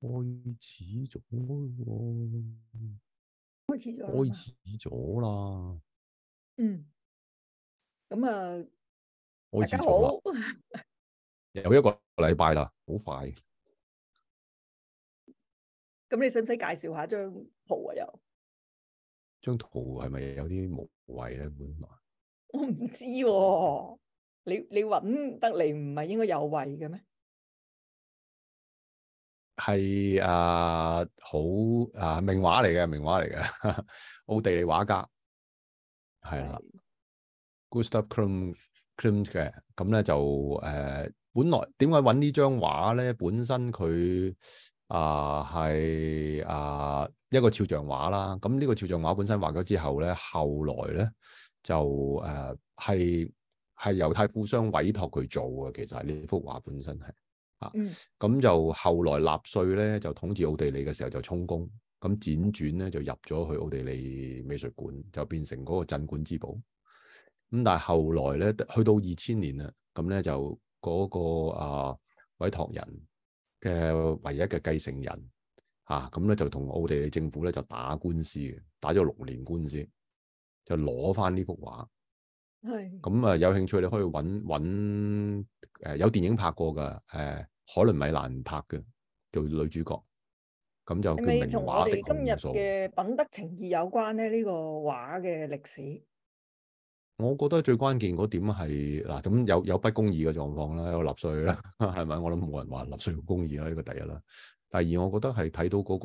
開始咗喎！開始咗啦！嗯，咁啊，開始咗啦！ 有一個禮拜啦，好快。咁你使唔使介紹下張圖,張圖是是啊？又張圖係咪有啲無謂咧？本來我唔知，你你揾得嚟唔係應該有謂嘅咩？係啊，好啊，名畫嚟嘅，名畫嚟嘅，奧 地利畫家係啦、啊啊、，Gustav Klimt 嘅咁咧就誒、呃，本來點解揾呢張畫咧？本身佢。啊，係啊，一個肖像畫啦。咁呢個肖像畫本身畫咗之後咧，後來咧就誒係係猶太富商委託佢做嘅，其實呢幅畫本身係、嗯、啊。咁就後來納粹咧就統治奧地利嘅時候就充公，咁輾轉咧就入咗去奧地利美術館，就變成嗰個鎮館之寶。咁但係後來咧去到二千年啦，咁咧就嗰、嗰個啊委託人。嘅唯一嘅繼承人，吓咁咧就同奧地利政府咧就打官司嘅，打咗六年官司，就攞翻呢幅畫。係咁啊，有興趣你可以搵搵誒，有電影拍過噶，誒、呃，海倫米蘭拍嘅叫女主角。咁就叫明同我哋今日嘅品德情意有關咧，呢、這個畫嘅歷史。我覺得最關鍵嗰點係嗱，咁有有不公義嘅狀況啦，有納稅啦，係咪？我諗冇人話納稅嘅公義啦，呢個第一啦。第二，我覺得係睇到嗰、那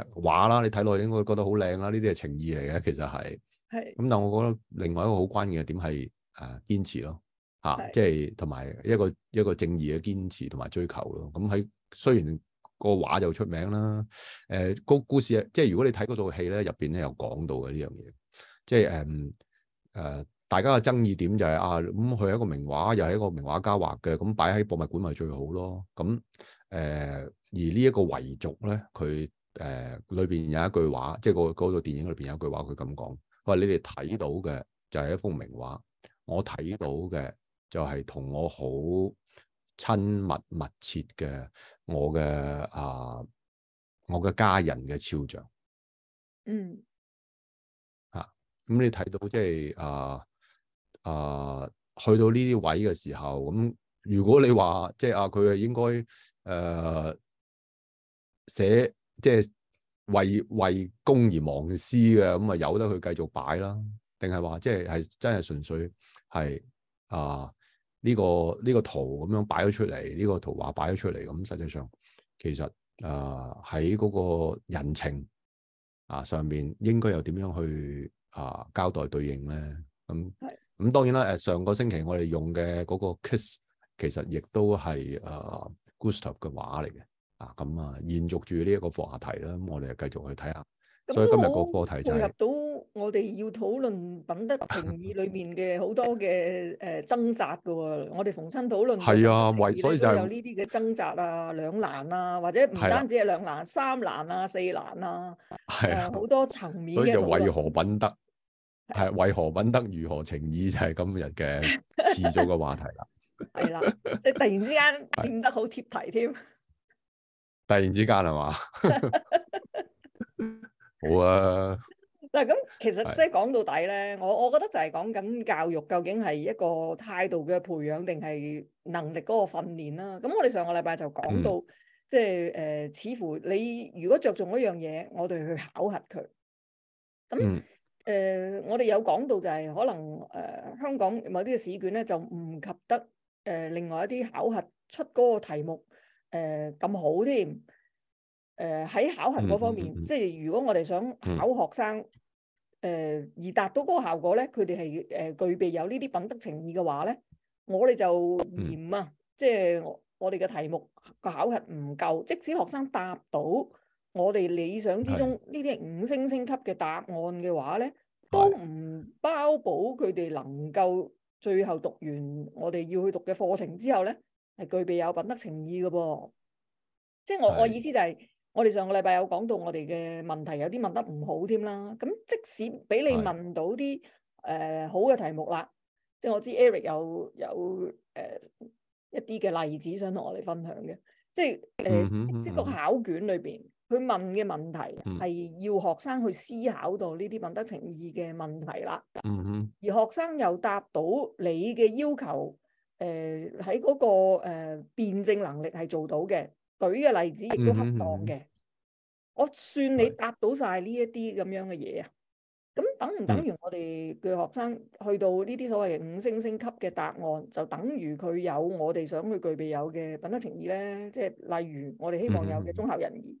個誒畫、哎、啦，你睇落去應該覺得好靚啦，呢啲係情意嚟嘅，其實係。係是。咁、嗯、但係我覺得另外一個好關鍵嘅點係誒堅持咯，吓、啊，是即係同埋一個一個正義嘅堅持同埋追求咯。咁、嗯、喺雖然個畫就出名啦，誒、呃、個故事即係如果你睇嗰套戲咧，入邊咧有講到嘅呢樣嘢，即係誒誒。嗯嗯嗯嗯嗯嗯大家嘅爭議點就係、是、啊，咁、嗯、佢係一個名畫，又係一個名畫家畫嘅，咁、嗯、擺喺博物館咪最好咯？咁、嗯、誒，而呢一個遺族咧，佢誒裏邊有一句話，即係個嗰套電影裏邊有一句話，佢咁講：佢話你哋睇到嘅就係一幅名畫，我睇到嘅就係同我好親密密切嘅我嘅啊，我嘅家人嘅肖像，啊。嗯。啊，咁、嗯、你睇到即、就、係、是、啊？啊，去到呢啲位嘅時候，咁、嗯、如果你話即係啊，佢係應該誒、啊、寫即係、即係、為為公而忘私嘅，咁、嗯、啊由得佢繼續擺啦，定係話即係係真係純粹係啊呢、呢個呢、呢個圖咁樣擺咗出嚟，呢、呢個圖畫擺咗出嚟咁、嗯，實際上其實啊喺嗰個人情啊上面應該又點樣去啊交代對應咧？咁、嗯咁當然啦，誒上個星期我哋用嘅嗰個 kiss 其實亦都係誒、uh, Gustav 嘅畫嚟嘅，啊咁啊，延續住呢一個話題啦，咁、嗯、我哋繼續去睇下。嗯、所以今日咁都步入到我哋要討論品德情意裏面嘅好多嘅誒掙扎嘅喎，我哋逢親討論係啊，為所以就是、有呢啲嘅掙扎啊、兩難啊，或者唔單止係兩難、啊、三難啊、四難啊，係啊，好、啊、多層面所以就為何品德？係為何品德，如何情意？就係今日嘅遲早嘅話題啦。係啦， 你突然之間變得好貼題添。突然之間係嘛？ 好啊。嗱咁，其實即係講到底咧，我的我覺得就係講緊教育究竟係一個態度嘅培養，定係能力嗰個訓練啦。咁我哋上個禮拜就講到，即係誒，似乎你如果着重一樣嘢，我哋去考核佢咁。誒、呃，我哋有講到就係、是、可能誒、呃，香港某啲嘅試卷咧就唔及得誒、呃，另外一啲考核出嗰個題目誒咁、呃、好添。誒、呃、喺考核嗰方面， 即係如果我哋想考學生誒、呃，而達到嗰個效果咧，佢哋係誒具備有呢啲品德情意嘅話咧，我哋就嚴啊， 即係我我哋嘅題目個考核唔夠，即使學生答到。我哋理想之中呢啲的五星星級嘅答案嘅話咧，的都唔包保佢哋能夠最後讀完我哋要去讀嘅課程之後咧，係具備有品德情意嘅噃。即係我我意思就係、是，的我哋上個禮拜有講到我哋嘅問題有啲問得唔好添啦。咁即使俾你問到啲誒的、呃、好嘅題目啦，即係我知 Eric 有有誒、呃、一啲嘅例子想同我哋分享嘅，即係誒呢個考卷裏邊。佢問嘅問題係要學生去思考到呢啲品德情意嘅問題啦。嗯、哼而學生又答到你嘅要求，誒喺嗰個誒辯、呃、證能力係做到嘅，舉嘅例子亦都恰當嘅。嗯、哼我算你答到晒呢一啲咁樣嘅嘢啊。咁、嗯、哼等唔等於我哋嘅學生去到呢啲所謂五星星級嘅答案，就等於佢有我哋想去具備有嘅品德情意咧？即、就、係、是、例如我哋希望有嘅忠孝仁義。嗯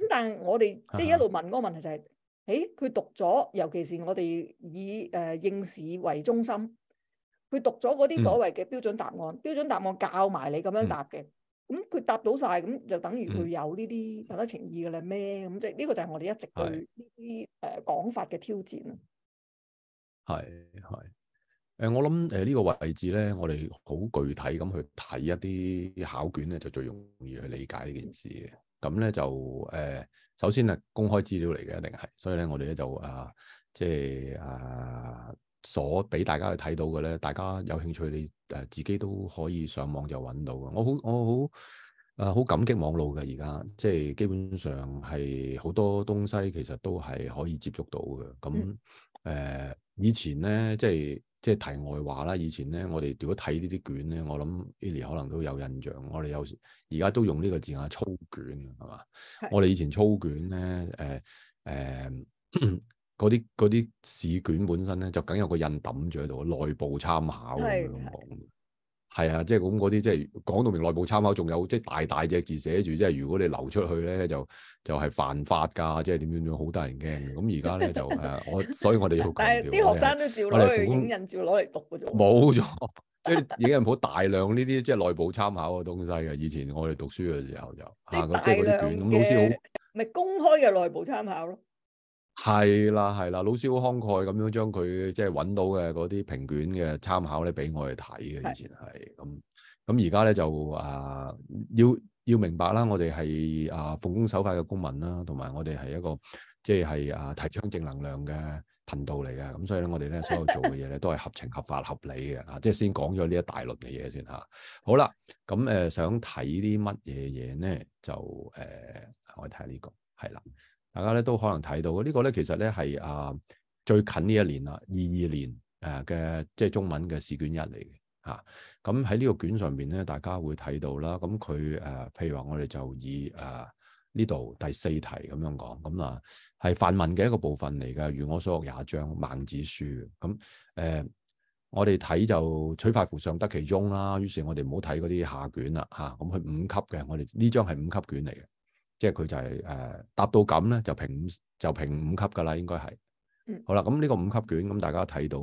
咁但係我哋即係一路問個問題就係、是，誒的，佢、欸、讀咗，尤其是我哋以誒、呃、應試為中心，佢讀咗嗰啲所謂嘅標準答案，嗯、標準答案教埋你咁樣答嘅，咁佢、嗯、答到晒，咁就等於佢有呢啲道德情意噶啦咩？咁即係呢個就係我哋一直對呢啲誒講法嘅挑戰。係係，誒、呃，我諗誒呢個位置咧，我哋好具體咁去睇一啲考卷咧，就最容易去理解呢件事嘅。咁咧就誒、呃，首先係公開資料嚟嘅，一定係，所以咧我哋咧就啊、呃，即係啊、呃，所畀大家去睇到嘅咧，大家有興趣你誒自己都可以上網就揾到嘅。我好我好啊，好、呃、感激網路嘅而家，即係基本上係好多東西其實都係可以接觸到嘅。咁誒、嗯呃，以前咧即係。即係題外話啦！以前咧，我哋如果睇呢啲卷咧，我諗 Eli 可能都有印象。我哋有時而家都用呢個字眼啊，粗卷係嘛？是我哋以前粗卷咧，誒、呃、誒，嗰啲嗰啲試卷本身咧，就梗有個印抌住喺度，內部參考嘅咁講。是係啊，即係咁嗰啲，即係講到明內部參考，仲有即係大大隻字寫住，即係如果你流出去咧，就就係犯法噶即係點樣樣好得人驚。咁而家咧就，我 所以我哋要強調。但係啲學生都照攞嚟影印照攞嚟讀嘅啫。冇咗，即係影印好大量呢啲即係內部參考嘅東西嘅。以前我哋讀書嘅時候就，吓，即係嗰啲卷，咁老師好，咪公開嘅內部參考咯。係啦，係啦，老師好慷慨，咁樣將佢即係揾到嘅嗰啲評卷嘅參考咧，俾我哋睇嘅。以前係咁，咁而家咧就啊、呃，要要明白啦，我哋係啊奉公守法嘅公民啦，同埋我哋係一個即係啊提倡正能量嘅頻道嚟嘅。咁所以咧，我哋咧所有做嘅嘢咧都係合情、合法、合理嘅 啊。即係先講咗呢一大輪嘅嘢先吓。好啦，咁誒、呃、想睇啲乜嘢嘢咧，就誒、呃、我睇下呢個係啦。大家咧都可能睇到呢、這個咧，其實咧係啊最近呢一年啦，二二年誒嘅即係中文嘅試卷一嚟嘅吓。咁喺呢個卷上面咧，大家會睇到啦。咁佢誒，譬如話我哋就以誒呢度第四題咁樣講，咁啊係範文嘅一個部分嚟嘅。如我所學廿章孟子書，咁誒、呃、我哋睇就取法乎上得其中啦。於是我哋唔好睇嗰啲下卷啦吓。咁、啊、佢五級嘅，我哋呢張係五級卷嚟嘅。即係佢就係、是、誒、呃、答到咁咧，就評五就評五級噶啦應該係，嗯、好啦，咁呢個五級卷咁大家睇到，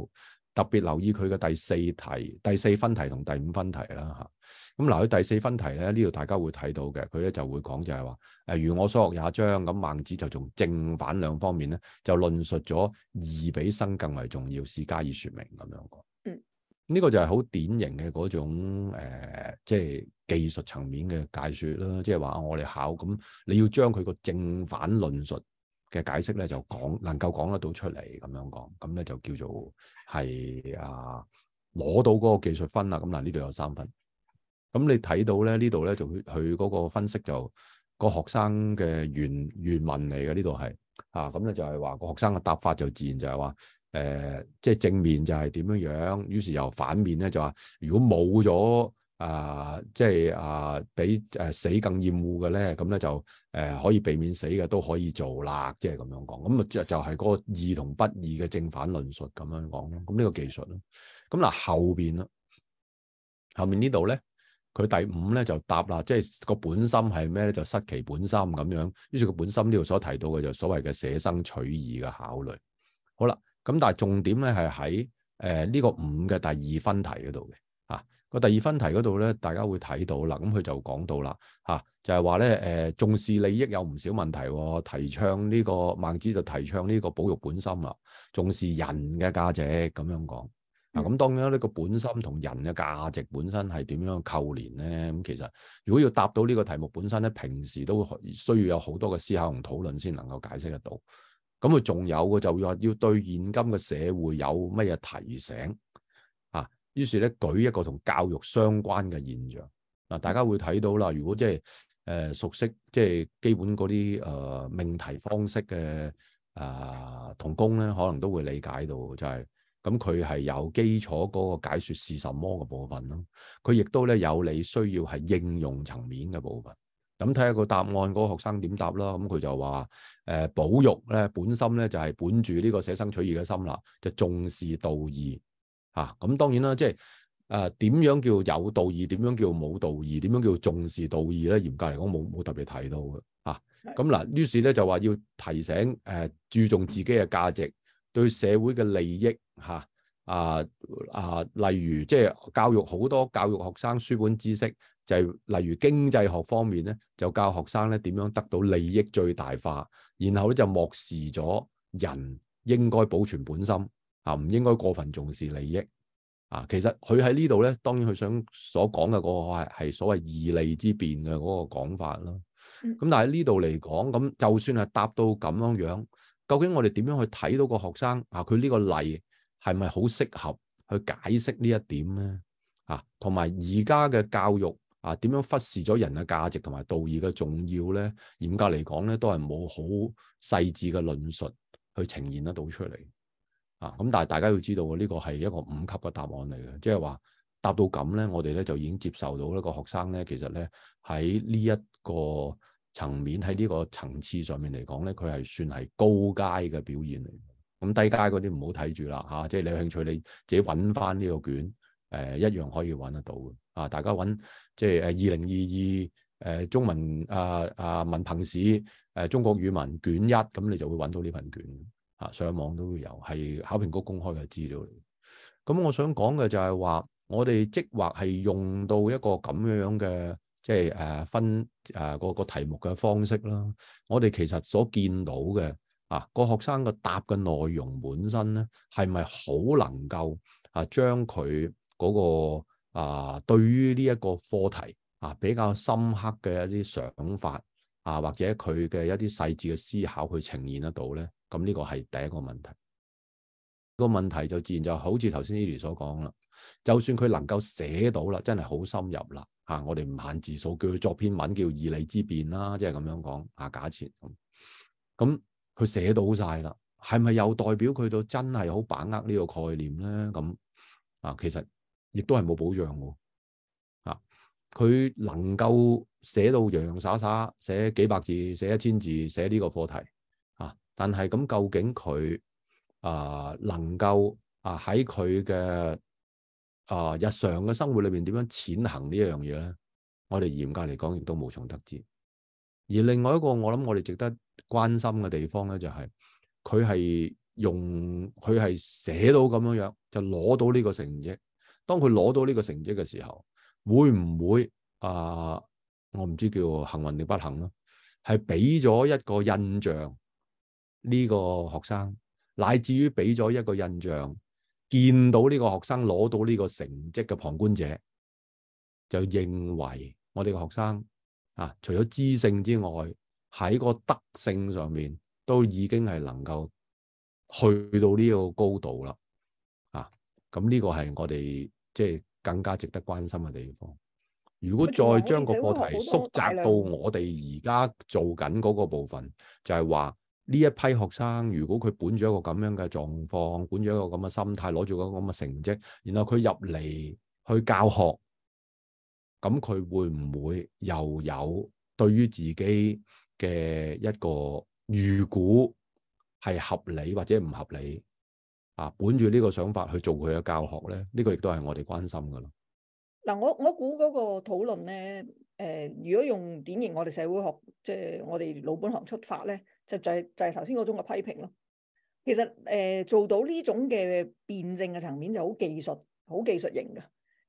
特別留意佢嘅第四題，第四分題同第五分題啦吓。咁留喺第四分題咧，呢度大家會睇到嘅，佢咧就會講就係話誒，如我所學也一章，咁孟子就從正反兩方面咧就論述咗義比生更為重要，是加以說明咁樣。呢個就係好典型嘅嗰種誒，即係技術層面嘅解説啦。即係話我哋考咁，你要將佢個正反論述嘅解釋咧，就講能夠講得到出嚟咁樣講，咁咧就叫做係啊攞到嗰個技術分啦。咁嗱，呢度有三分。咁你睇到咧，呢度咧就佢嗰個分析就個學生嘅原原文嚟嘅，呢度係啊咁咧就係話個學生嘅答法就自然就係話。誒、呃，即係正面就係點樣樣，於是又反面咧就話，如果冇咗啊，即係啊、呃，比誒、呃、死更厭惡嘅咧，咁、嗯、咧就誒、呃、可以避免死嘅都可以做啦，即係咁樣講。咁、嗯、啊就就係嗰個義同不義嘅正反論述咁樣講咯。咁、嗯、呢、這個技術咯。咁嗱後邊啦，後邊呢度咧，佢第五咧就答啦，即係個本心係咩咧？就失其本心咁樣。於是佢本心呢度所提到嘅就所謂嘅捨生取義嘅考慮。好啦。咁但係重點咧係喺誒呢、呃呢個五嘅第二分題嗰度嘅，啊個第二分題嗰度咧，大家會睇到啦。咁、啊、佢就講到啦，嚇就係話咧誒，重視利益有唔少問題，哦、提倡呢、呢個孟子就提倡呢個保育本心啦、啊，重視人嘅價值咁樣講。嗱、啊、咁、啊嗯啊、當然呢個本心同人嘅價值本身係點樣扣連咧？咁、嗯、其實如果要答到呢個題目本身咧，平時都需要有好多嘅思考同討論先能夠解釋得到。咁佢仲有，個就係要對現今嘅社會有乜嘢提醒啊？於是咧舉一個同教育相關嘅現象。嗱、啊，大家會睇到啦，如果即係誒熟悉即係、就是、基本嗰啲誒命題方式嘅啊，呃、同工咧可能都會理解到，就係咁佢係有基礎嗰個解說是什麼嘅部分咯。佢、啊、亦都咧有你需要係應用層面嘅部分。咁睇下個答案，嗰、那個學生點答啦。咁佢就話：誒保育咧，本心咧就係本住呢個捨生取義嘅心啦，就是、重視道義嚇。咁、啊、當然啦，即係誒點樣叫有道義，點樣叫冇道義，點樣叫重視道義咧？嚴格嚟講，冇冇特別提到嘅嚇。咁、啊、嗱，於是咧就話要提醒誒、呃，注重自己嘅價值，對社會嘅利益嚇啊啊！例如即係教育好多教育學生書本知識，就係例如經濟學方面咧，就教學生咧點樣得到利益最大化，然後咧就漠視咗人應該保存本心啊，唔應該過分重視利益啊。其實佢喺呢度咧，當然佢想所講嘅嗰個係所謂義利之辯嘅嗰個講法啦。咁、嗯、但係呢度嚟講，咁就算係答到咁樣樣，究竟我哋點樣去睇到個學生啊？佢呢個例係咪好適合去解釋呢一點咧？啊，同埋而家嘅教育。啊，點樣忽視咗人嘅價值同埋道義嘅重要咧？嚴格嚟講咧，都係冇好細緻嘅論述去呈現得到出嚟。啊，咁但係大家要知道呢個係一個五級嘅答案嚟嘅，即係話答到咁咧，我哋咧就已經接受到一個學生咧，其實咧喺呢一個層面喺呢個層次上面嚟講咧，佢係算係高階嘅表現嚟。咁低階嗰啲唔好睇住啦嚇，即係，啊，就係，你有興趣你自己揾翻呢個卷。誒、呃，一樣可以揾得到嘅，啊，大家揾即係誒，二零二二誒中文啊啊文憑試誒中國語文卷一，咁、嗯、你就會揾到呢份卷，吓、啊、上網都會有，係考評局公開嘅資料嚟。咁、嗯、我想講嘅就係話，我哋即或係用到一個咁樣嘅，即係誒、啊、分誒、啊、個個題目嘅方式啦。我哋其實所見到嘅啊個學生嘅答嘅內容本身咧，係咪好能夠啊將佢？嗰個啊，對於呢一個課題啊，比較深刻嘅一啲想法啊，或者佢嘅一啲細緻嘅思考去呈現得到咧，咁、這、呢個係第一個問題。呢個問題就自然就好似頭先伊利所講啦。就算佢能夠寫到啦，真係好深入啦嚇、啊，我哋唔限字數，叫佢作篇文叫《義利之辨》啦，即係咁樣講啊。假設咁，咁佢寫到晒啦，係咪又代表佢到真係好把握呢個概念咧？咁啊，其實。亦都係冇保障嘅，啊！佢能夠寫到洋洋灑灑，寫幾百字、寫一千字、寫呢個課題啊，但係咁究竟佢啊、呃、能夠啊喺佢嘅啊日常嘅生活裏邊點樣踐行呢樣嘢咧？我哋嚴格嚟講，亦都無從得知。而另外一個我諗我哋值得關心嘅地方咧、就是，就係佢係用佢係寫到咁樣樣，就攞到呢個成績。當佢攞到呢個成績嘅時候，會唔會啊？我唔知叫幸運定不幸咯，係俾咗一個印象呢個學生，乃至於俾咗一個印象，見到呢個學生攞到呢個成績嘅旁觀者，就認為我哋個學生啊，除咗知性之外，喺個德性上面都已經係能夠去到呢個高度啦。啊，咁呢個係我哋。即係更加值得關心嘅地方。如果再將個課題縮窄到我哋而家做緊嗰個部分，就係話呢一批學生，如果佢本住一個咁樣嘅狀況，本住一個咁嘅心態，攞住個咁嘅成績，然後佢入嚟去教學，咁佢會唔會又有對於自己嘅一個預估係合理或者唔合理？啊，本住呢個想法去做佢嘅教學咧，呢個亦都係我哋關心噶咯。嗱，我我估嗰個討論咧，誒，如果用典型我哋社會學，即係我哋老本行出發咧，就就係就係頭先嗰種嘅批評咯。其實誒，做到呢種嘅辯證嘅層面就好技術，好技術型嘅。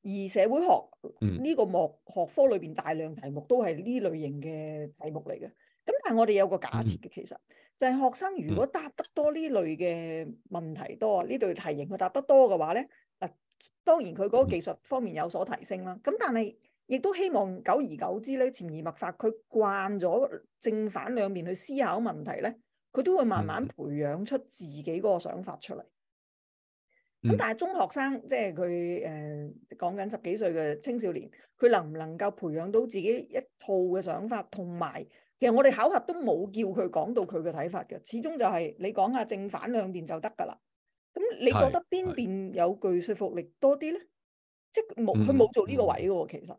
而社會學呢個，嗯，個莫學科裏邊大量題目都係呢類型嘅題目嚟嘅。咁但係我哋有個假設嘅，其實，嗯。就係學生如果答得多呢類嘅問題多，呢、嗯、對題型佢答得多嘅話咧，嗱當然佢嗰個技術方面有所提升啦。咁、嗯、但係亦都希望久而久之咧，潛移默化，佢慣咗正反兩面去思考問題咧，佢都會慢慢培養出自己嗰個想法出嚟。咁、嗯、但係中學生即係佢誒講緊十幾歲嘅青少年，佢能唔能夠培養到自己一套嘅想法同埋？其實我哋考核都冇叫佢講到佢嘅睇法嘅，始終就係你講下正反兩面就得噶啦。咁你覺得邊邊有具說服力多啲咧？即係冇，佢冇做呢個位嘅喎，嗯嗯、其實。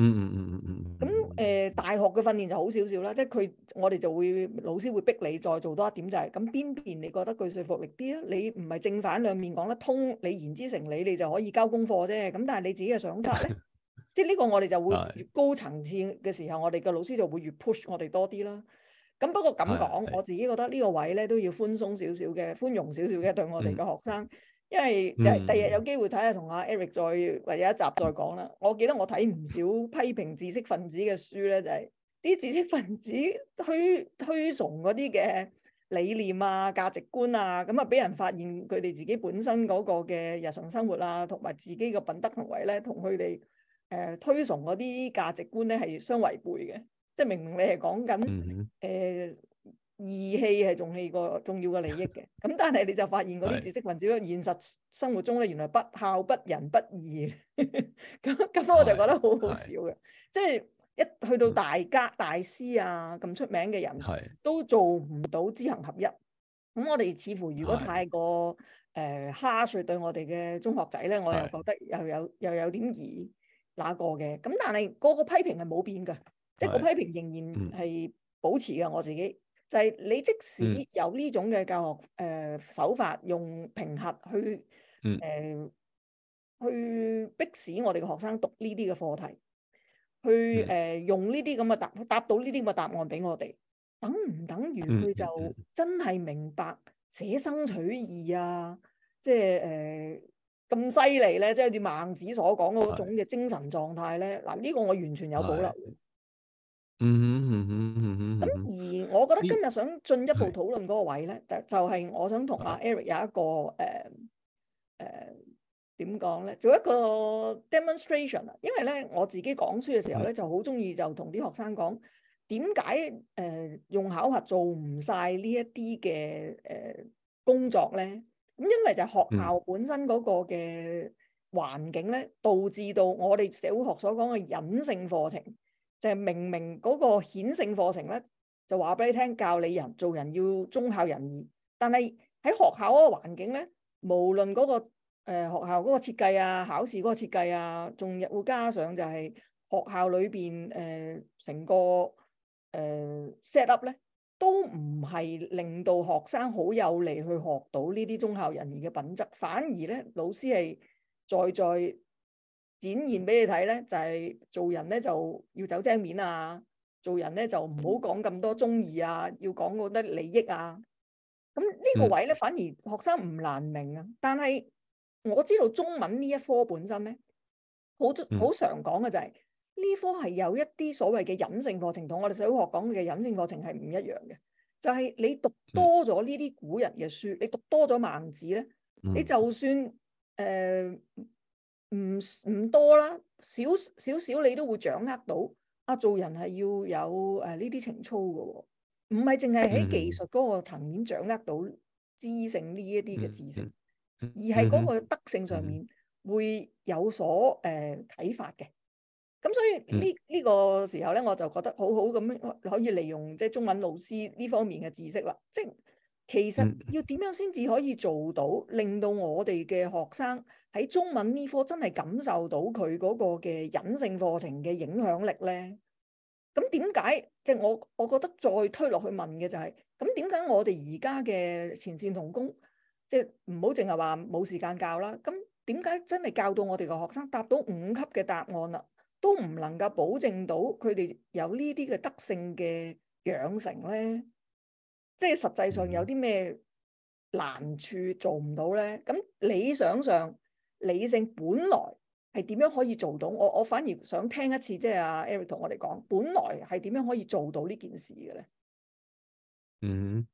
嗯嗯嗯嗯嗯。咁、嗯、誒、嗯嗯呃，大學嘅訓練就好少少啦，即係佢我哋就會老師會逼你再做多一點、就是，就係咁邊邊你覺得具說服力啲啊？你唔係正反兩面講得通，你言之成理，你就可以交功課啫。咁但係你自己嘅想法咧？ 即係呢個，我哋就會越高層次嘅時候，的我哋嘅老師就會越 push 我哋多啲啦。咁不過咁講，的我自己覺得呢個位咧都要寬鬆少少嘅，寬容少少嘅對我哋嘅學生，嗯、因為第日有機會睇下同阿 Eric 再或者一集再講啦。嗯、我記得我睇唔少批評知識分子嘅書咧，就係、是、啲知識分子推推崇嗰啲嘅理念啊、價值觀啊，咁啊俾人發現佢哋自己本身嗰個嘅日常生活啊，同埋自己嘅品德行為咧，同佢哋，誒、呃、推崇嗰啲價值觀咧係相違背嘅，即係明明你係講緊誒義氣係重要過重要嘅利益嘅，咁但係你就發現嗰啲知識分子喺現實生活中咧，原來不孝不仁不義，咁 咁我就覺得好好笑嘅。嗯、即係一去到大家大師啊咁出名嘅人，嗯、都做唔到知行合一。咁我哋似乎如果太過誒、嗯呃、哈稅對我哋嘅中學仔咧，我又覺得又有又有，又有點疑。那個嘅咁，但係個個批評係冇變嘅，是即係個批評仍然係保持嘅。嗯、我自己就係、是、你即使有呢種嘅教學誒、呃、手法，用評核去誒、呃、去逼使我哋嘅學生讀呢啲嘅課題，去誒、呃、用呢啲咁嘅答答到呢啲咁嘅答案俾我哋，等唔等於佢就真係明白捨生取義啊？即係誒。呃咁犀利咧，即係啲孟子所講嗰種嘅精神狀態咧，嗱呢的個我完全有保留嘅。嗯嗯嗯嗯嗯嗯。咁而我覺得今日想進一步討論嗰個位咧，的就就係我想同阿 Eric 有一個誒誒點講咧，做一個 demonstration 啦。因為咧我自己講書嘅時候咧，就好中意就同啲學生講點解誒用考核做唔晒呢一啲嘅誒工作咧？咁因為就係學校本身嗰個嘅環境咧，導致到我哋社會學所講嘅隱性課程，就係明明嗰個顯性課程咧，就話俾你聽教你人做人要忠孝仁義，但係喺學校嗰個環境咧，無論嗰個誒學校嗰個設計啊、考試嗰個設計啊，仲會加上就係學校裏邊誒成個誒 set up 咧。都唔係令到學生好有利去學到呢啲忠孝仁義嘅品質。反而咧，老師係再再展現俾你睇咧，就係、是、做人咧就要走正面啊，做人咧就唔好講咁多忠義啊，要講嗰啲利益啊。咁呢個位咧，反而學生唔難明啊，但係我知道中文呢一科本身咧，好好常講嘅就係、是。呢科係有一啲所謂嘅隱性課程，同我哋社會學講嘅隱性課程係唔一樣嘅。就係、是、你讀多咗呢啲古人嘅書，你讀多咗孟子咧，你就算誒唔唔多啦，少少少，小小你都會掌握到啊！做人係要有誒呢啲情操㗎、哦，唔係淨係喺技術嗰個層面掌握到知性呢一啲嘅知識，而係嗰個德性上面會有所誒、呃、啟發嘅。咁所以呢呢、嗯、個時候咧，我就覺得好好咁可以利用即係、就是、中文老師呢方面嘅知識啦。即係其實要點樣先至可以做到，令到我哋嘅學生喺中文呢科真係感受到佢嗰個嘅隱性課程嘅影響力咧。咁點解？即、就、係、是、我我覺得再推落去問嘅就係、是，咁點解我哋而家嘅前線同工，即係唔好淨係話冇時間教啦。咁點解真係教到我哋個學生達到五級嘅答案啦？都唔能夠保證到佢哋有呢啲嘅德性嘅養成咧，即係實際上有啲咩難處做唔到咧？咁理想上理性本來係點樣可以做到？我我反而想聽一次，即係阿 Eric 同我哋講，本來係點樣可以做到呢件事嘅咧？嗯。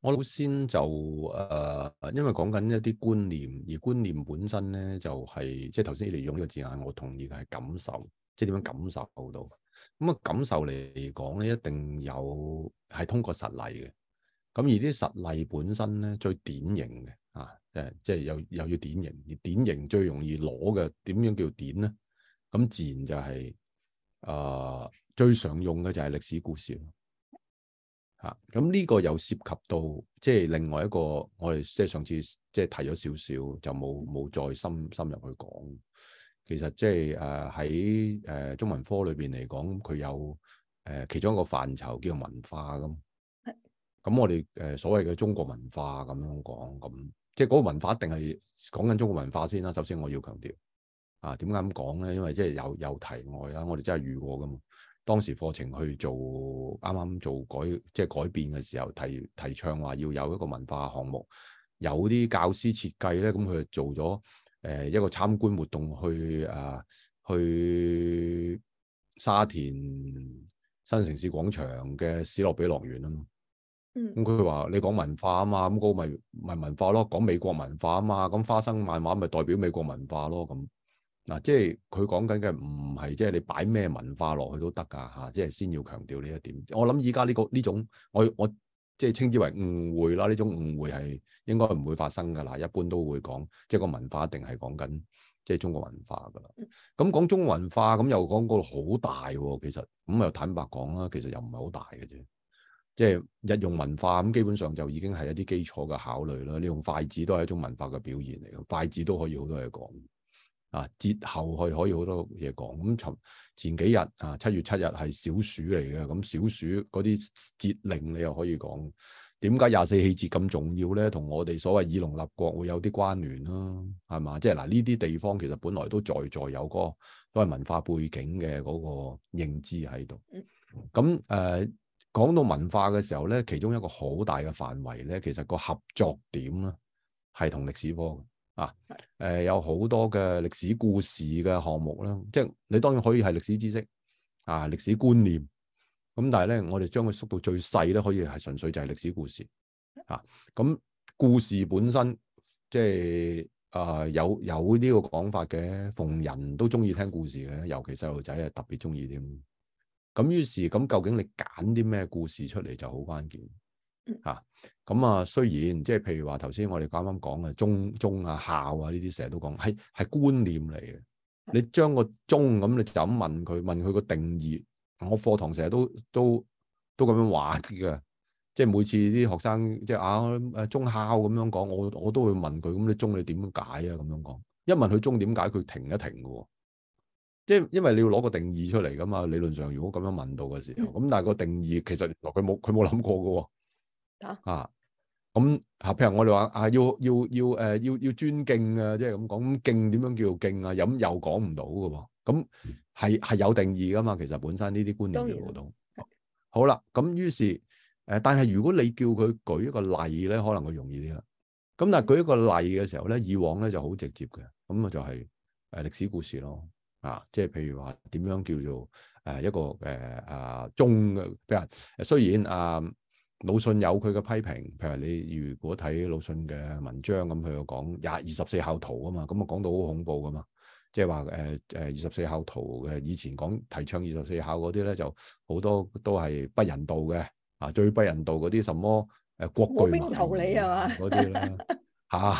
我老先就誒、呃，因為講緊一啲觀念，而觀念本身咧就係、是、即係頭先你用呢個字眼，我同意嘅係感受，即係點樣感受到。咁、嗯、啊感受嚟講咧，一定有係通過實例嘅。咁而啲實例本身咧，最典型嘅啊誒，即係又又要典型，而典型最容易攞嘅點樣叫典咧？咁、嗯、自然就係、是、誒、呃、最常用嘅就係歷史故事。啊，咁、這、呢個有涉及到，即係另外一個，我哋即係上次即係提咗少少，就冇冇再深深入去講。其實即係誒喺誒中文科裏邊嚟講，佢有誒、呃、其中一個範疇叫做文化咁。咁我哋誒所謂嘅中國文化咁樣講，咁即係嗰個文化一定係講緊中國文化先啦。首先我要強調啊，點解咁講咧？因為即係有有題外啦，我哋真係遇過噶嘛。當時課程去做啱啱做改，即係改變嘅時候提提倡話要有一個文化項目，有啲教師設計咧，咁佢就做咗誒一個參觀活動去啊去沙田新城市廣場嘅史諾比樂園啊嘛，嗯，咁佢話你講文化啊嘛，咁嗰咪咪文化咯，講美國文化啊嘛，咁花生漫畫咪代表美國文化咯咁。嗱、啊，即係佢講緊嘅唔係即係你擺咩文化落去都得㗎吓，即係先要強調呢一點。我諗而家呢個呢種，我我即係稱之為誤會啦。呢種誤會係應該唔會發生㗎啦。嗱，一般都會講即係個文化一定係講緊即係中國文化㗎啦。咁講中文化咁又講個好大喎、啊，其實咁又坦白講啦，其實又唔係好大嘅啫。即係日用文化咁，基本上就已經係一啲基礎嘅考慮啦。你用筷子都係一種文化嘅表現嚟嘅，筷子都可以好多嘢講。啊，節後去可以好多嘢講。咁前前幾日啊，七月七日係小暑嚟嘅，咁小暑嗰啲節令你又可以講，點解廿四氣節咁重要咧？同我哋所謂以農立國會有啲關聯啦、啊，係嘛？即係嗱，呢、啊、啲地方其實本來都在在有個都係文化背景嘅嗰個認知喺度。咁誒、呃，講到文化嘅時候咧，其中一個好大嘅範圍咧，其實個合作點咧，係同歷史科。啊，誒、呃、有好多嘅歷史故事嘅項目啦，即、就、係、是、你當然可以係歷史知識啊、歷史觀念，咁、嗯、但係咧，我哋將佢縮到最細咧，可以係純粹就係歷史故事啊。咁、嗯、故事本身即係啊有有呢個講法嘅，逢人都中意聽故事嘅，尤其細路仔係特別中意添。咁、嗯、於是咁、嗯、究竟你揀啲咩故事出嚟就好關鍵。吓咁啊，啊！雖然即係，譬如話頭先，我哋啱啱講嘅忠、忠、啊、孝啊呢啲，成日都講係係觀念嚟嘅。你將個忠咁，你就咁問佢，問佢個定義。我課堂成日都都都咁樣話嘅，即係每次啲學生即係啊誒忠孝咁樣講，我我都會問佢，咁你忠你點解啊？咁樣講一問佢忠點解，佢停一停嘅，即係因為你要攞個定義出嚟噶嘛。理論上如果咁樣問到嘅時候，咁但係個定義其實原來佢冇佢冇諗過嘅。啊，咁啊，譬如我哋話啊，要要要誒，要要尊敬啊，即係咁講，敬、啊、點樣叫做敬啊？又又講唔到噶，咁係係有定義噶嘛？其實本身呢啲觀念嘅活動好啦。咁、啊、於是誒，但係如果你叫佢舉一個例咧，可能佢容易啲啦。咁但係舉一個例嘅時候咧，以往咧就好直接嘅，咁啊就係誒歷史故事咯。啊，即係譬如話點樣叫做誒一個誒啊，啊，啊中嘅，譬如話雖然啊。魯迅有佢嘅批評，譬如你如果睇魯迅嘅文章咁，佢又講廿二十四孝圖啊嘛，咁啊講到好恐怖噶嘛，即係話誒誒二十四孝圖嘅以前講提倡二十四孝嗰啲咧，就好多都係不人道嘅啊，最不人道嗰啲什麼誒郭巨埋兒我、啊 啊，臥冰求鯉係嘛？嗰啲啦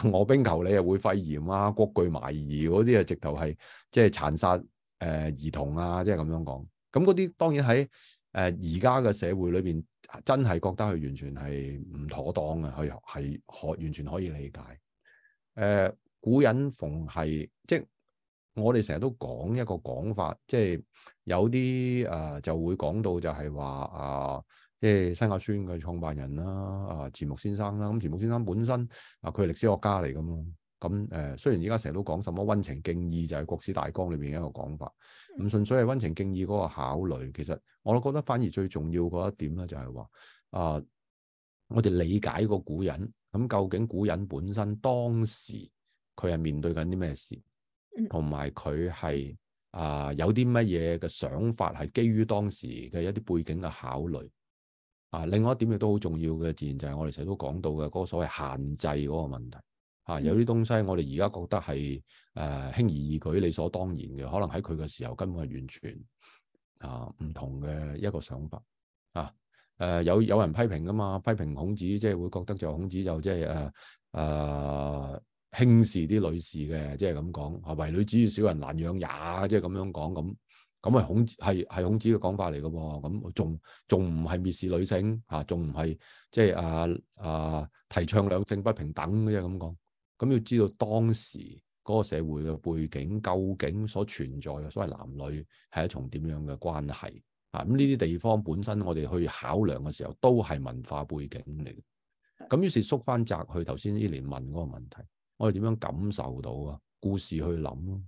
嚇，臥冰求鯉又會肺炎啊，郭巨埋兒嗰啲啊，直頭係即係殘殺誒、呃、兒童啊，即係咁樣講。咁嗰啲當然喺。誒而家嘅社會裏邊，真係覺得佢完全係唔妥當嘅，佢係可完全可以理解。誒、呃，古人逢係，即係我哋成日都講一個講法，即係有啲啊、呃、就會講到就係話啊，即係新亞村嘅創辦人啦，啊錢穆先生啦，咁、啊、錢穆先、嗯、先生本身啊佢係歷史學家嚟㗎嘛。咁誒、嗯，雖然依家成日都講什麼溫情敬意，就係、是《國史大綱》裏面一個講法，唔純粹係溫情敬意嗰個考慮。其實我都覺得反而最重要嗰一點咧，就係話啊，我哋理解個古人，咁究竟古人本身當時佢係面對緊啲咩事，同埋佢係啊有啲乜嘢嘅想法，係基於當時嘅一啲背景嘅考慮。啊、呃，另外一點亦都好重要嘅，自然就係我哋成日都講到嘅嗰個所謂限制嗰個問題。啊！有啲東西我哋而家覺得係誒、呃、輕而易舉、理所當然嘅，可能喺佢嘅時候根本係完全啊唔同嘅一個想法啊。誒、呃、有有人批評噶嘛？批評孔子即係會覺得就孔子就即係誒誒輕視啲女士嘅，即係咁講啊，唯女子與小人難養也，即係咁樣講咁咁係孔子係係孔子嘅講法嚟嘅噃。咁仲仲唔係蔑視女性啊？仲唔係即係啊啊提倡兩性不平等嘅咁講？咁要知道當時嗰個社會嘅背景究竟所存在嘅所謂男女係一種點樣嘅關係啊！咁呢啲地方本身我哋去考量嘅時候都係文化背景嚟。咁於是縮翻窄去頭先呢嚟問嗰個問題，我哋點樣感受到啊？故事去諗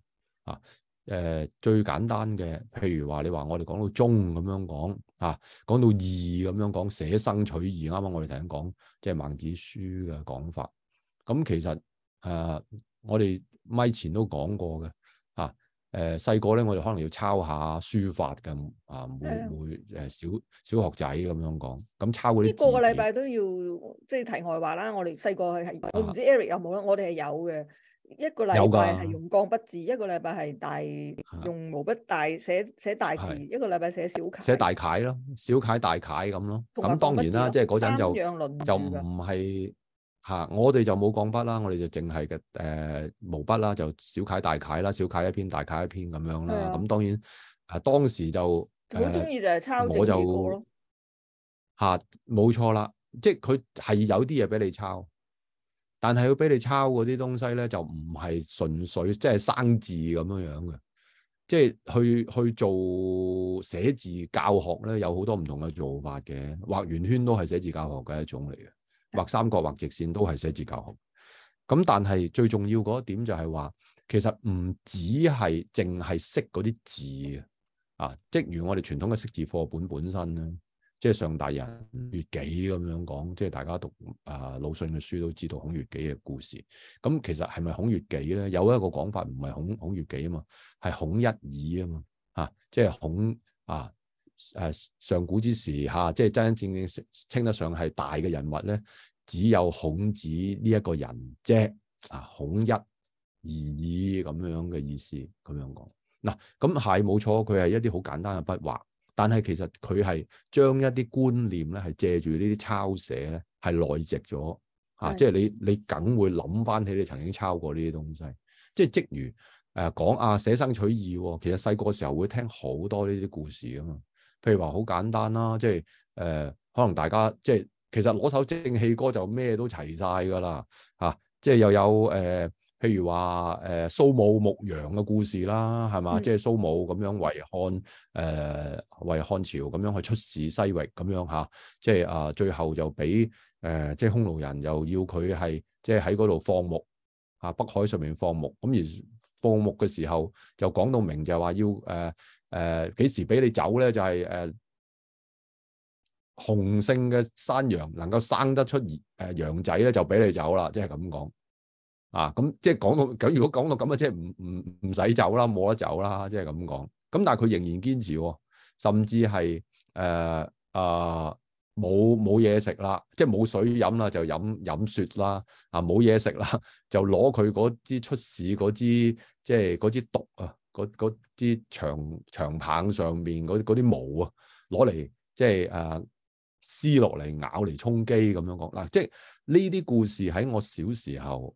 啊！誒、呃，最簡單嘅，譬如話你話我哋講到「忠」咁樣講啊，講到義咁樣講，捨生取義，啱啱我哋頭先講即係、就是、孟子書嘅講法，咁、啊呃啊就是啊、其實。誒，我哋咪前都講過嘅，啊，誒，細個咧，我哋可能要抄下書法嘅，啊，每每誒小小學仔咁樣講，咁抄啲，個個禮拜都要，即係題外話啦，我哋細個係係，我唔知 Eric 有冇啦，我哋係有嘅，一個禮拜係用鋼筆字，一個禮拜係大用毛筆大寫寫大字，一個禮拜寫小楷，寫大楷咯，小楷大楷咁咯，咁當然啦，即係嗰陣就就唔係。啊！我哋就冇鋼筆啦，我哋就淨係嘅誒毛筆啦，就小楷大楷啦，小楷一篇大楷一篇咁樣啦。咁、啊、當然啊，當時就，啊、就我好中意就係抄幾個咯。嚇、啊，冇錯啦，即係佢係有啲嘢俾你抄，但係佢俾你抄嗰啲東西咧，就唔係純粹即係、就是、生字咁樣樣嘅。即係去去做寫字教學咧，有好多唔同嘅做法嘅，畫圓圈都係寫字教學嘅一種嚟嘅。畫三角或直線都係寫字教學，咁但係最重要嗰一點就係話，其實唔只係淨係識嗰啲字啊，即如我哋傳統嘅識字課本本身咧，即係上大人乙己咁樣講，即係大家讀啊魯迅嘅書都知道孔乙己嘅故事，咁、啊、其實係咪孔乙己咧？有一個講法唔係孔孔乙己啊嘛，係孔一耳啊嘛，吓即係孔啊。誒、啊，上古之時吓、啊，即係真真正正稱得上係大嘅人物咧，只有孔子呢一個人啫，啊，孔一而已咁樣嘅意思，咁樣講嗱，咁係冇錯，佢係一啲好簡單嘅筆畫，但係其實佢係將一啲觀念咧，係借住呢啲抄寫咧，係內植咗啊，即係你你梗會諗翻起你曾經抄過呢啲東西，即係即如誒講啊，捨、啊、生取義，哦，其實細個時候會聽好多呢啲故事噶嘛。譬如話好簡單啦，即係誒、呃，可能大家即係其實攞首正氣歌就咩都齊晒㗎啦嚇、啊，即係又有誒、呃，譬如話誒、呃、蘇武牧羊嘅故事啦，係嘛？嗯、即係蘇武咁樣為漢誒為漢朝咁樣去出使西域咁樣嚇，即係啊、就是、啊最後就俾誒、呃、即係匈奴人又要佢係即係喺嗰度放牧嚇、啊，北海上面放牧，咁而放牧嘅時候就講到明就話要誒、要呃要要要要要誒，幾、呃、時俾你走咧？就係、是、誒、呃，雄性嘅山羊能夠生得出誒羊，呃、羊仔咧，就俾你走啦。即係咁講啊，咁、嗯、即係講到咁，如果講到咁啊，即係唔唔唔使走啦，冇得走啦。即係咁講。咁、嗯、但係佢仍然堅持、喔，甚至係誒啊，冇冇嘢食啦，即係冇水飲啦，就飲飲雪啦。啊，冇嘢食啦，就攞佢嗰支出事嗰支，即係嗰支毒啊！嗰啲長長棒上面嗰啲毛、就是、啊，攞嚟即係誒撕落嚟咬嚟充飢咁樣講嗱、啊，即係呢啲故事喺我小時候，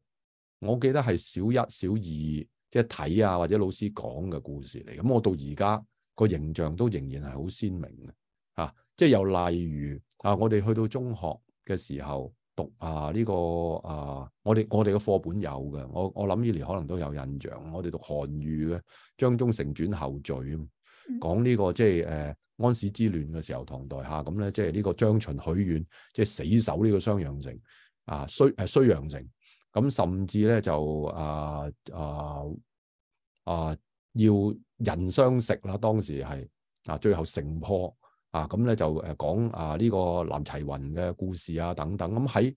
我記得係小一小二即係睇，啊或者老師講嘅故事嚟，咁、嗯、我到而家個形象都仍然係好鮮明嘅，吓、啊、即係又例如啊我哋去到中學嘅時候。讀啊呢、這個啊，我哋我哋嘅課本有嘅，我我諗呢年可能都有印象。我哋讀韓愈嘅《張中丞傳後序、這個》啊，講呢個即係誒安史之亂嘅時候，唐代下咁，咧、嗯，即係呢個張巡許遠即係死守呢個襄陽城啊，睢誒、啊、睢陽城，咁、嗯、甚至咧就啊啊啊要人相食啦、啊，當時係啊最後城破。啊，咁咧就誒講啊呢、這個南霽雲嘅故事啊等等，咁喺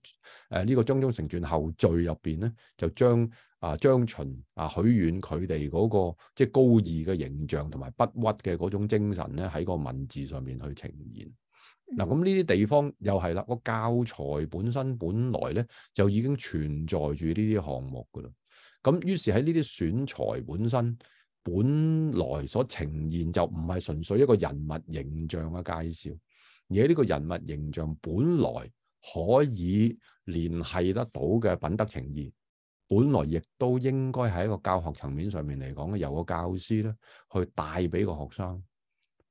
誒呢個《張中丞傳》後序入邊咧，就將啊張巡啊許遠佢哋嗰個即係、就是、高義嘅形象同埋不屈嘅嗰種精神咧，喺個文字上面去呈現。嗱、嗯，咁呢啲地方又係啦，個教材本身本來咧就已經存在住呢啲項目㗎啦。咁於是喺呢啲選材本身。本來所呈現就唔係純粹一個人物形象嘅介紹，而喺呢個人物形象本來可以聯繫得到嘅品德情意，本來亦都應該喺一個教學層面上面嚟講，由個教師咧去帶俾個學生，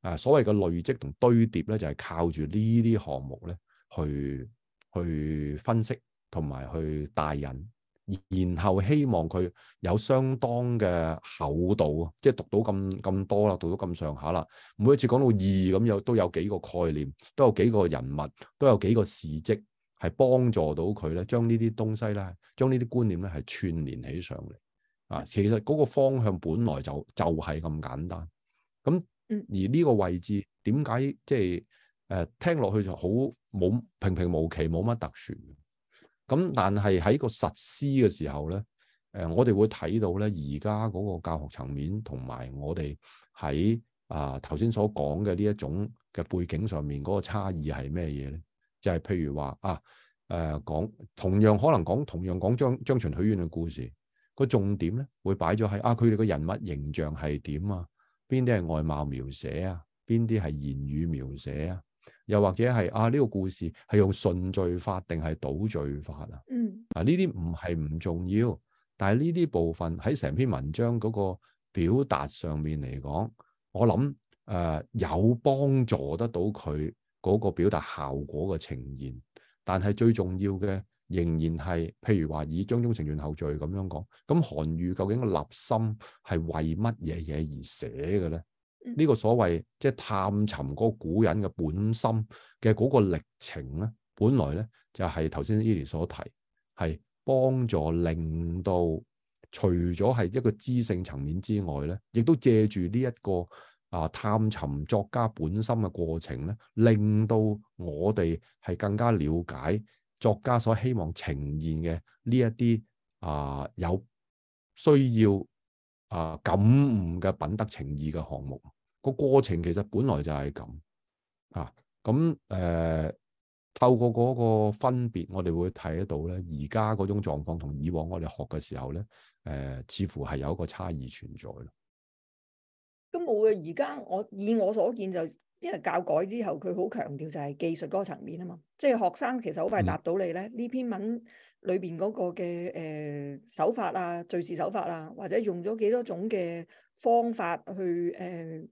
啊，所謂嘅累積同堆疊咧，就係、是、靠住呢啲項目咧去去分析同埋去帶引。然後希望佢有相當嘅厚度，即係讀到咁咁多啦，讀到咁上下啦。每一次講到二咁有都有幾個概念，都有幾個人物，都有幾個事蹟，係幫助到佢咧，將呢啲東西咧，將呢啲觀念咧係串聯起上嚟。啊，其實嗰個方向本來就就係、是、咁簡單。咁而呢個位置點解即係誒聽落去就好冇平平無奇，冇乜特殊？咁但係喺個實施嘅時候咧，誒、呃、我哋會睇到咧，而家嗰個教學層面同埋我哋喺啊頭先所講嘅呢一種嘅背景上面嗰、那個差異係咩嘢咧？就係、是、譬如話啊，誒、呃、講同樣可能講同樣講張張巡許遠嘅故事，個重點咧會擺咗喺啊佢哋嘅人物形象係點啊？邊啲係外貌描寫啊？邊啲係言語描寫啊？又或者係啊呢、呢個故事係用順序法定係倒序法、嗯、啊？嗯啊呢啲唔係唔重要，但係呢啲部分喺成篇文章嗰個表達上面嚟講，我諗誒、呃、有幫助得到佢嗰個表達效果嘅呈現。但係最重要嘅仍然係，譬如話以張中丞傳後敘咁樣講，咁韓愈究竟立心係為乜嘢嘢而寫嘅咧？呢個所謂即係探尋嗰個古人嘅本心嘅嗰個歷程咧，本來咧就係頭先伊研所提，係幫助令到除咗係一個知性層面之外咧，亦都借住呢一個啊探尋作家本心嘅過程咧，令到我哋係更加了解作家所希望呈現嘅呢一啲啊有需要啊感悟嘅品德情意嘅項目。個過程其實本來就係咁啊！咁誒、呃，透過嗰個分別，我哋會睇得到咧，而家嗰種狀況同以往我哋學嘅時候咧，誒、呃，似乎係有一個差異存在咯。咁冇嘅。而家我以我所見就，因為教改之後，佢好強調就係技術嗰個層面啊嘛。即係、就是、學生其實好快答到你咧，呢篇文裏邊嗰個嘅誒、呃、手法啊，敘事手法啊，或者用咗幾多種嘅方法去誒。呃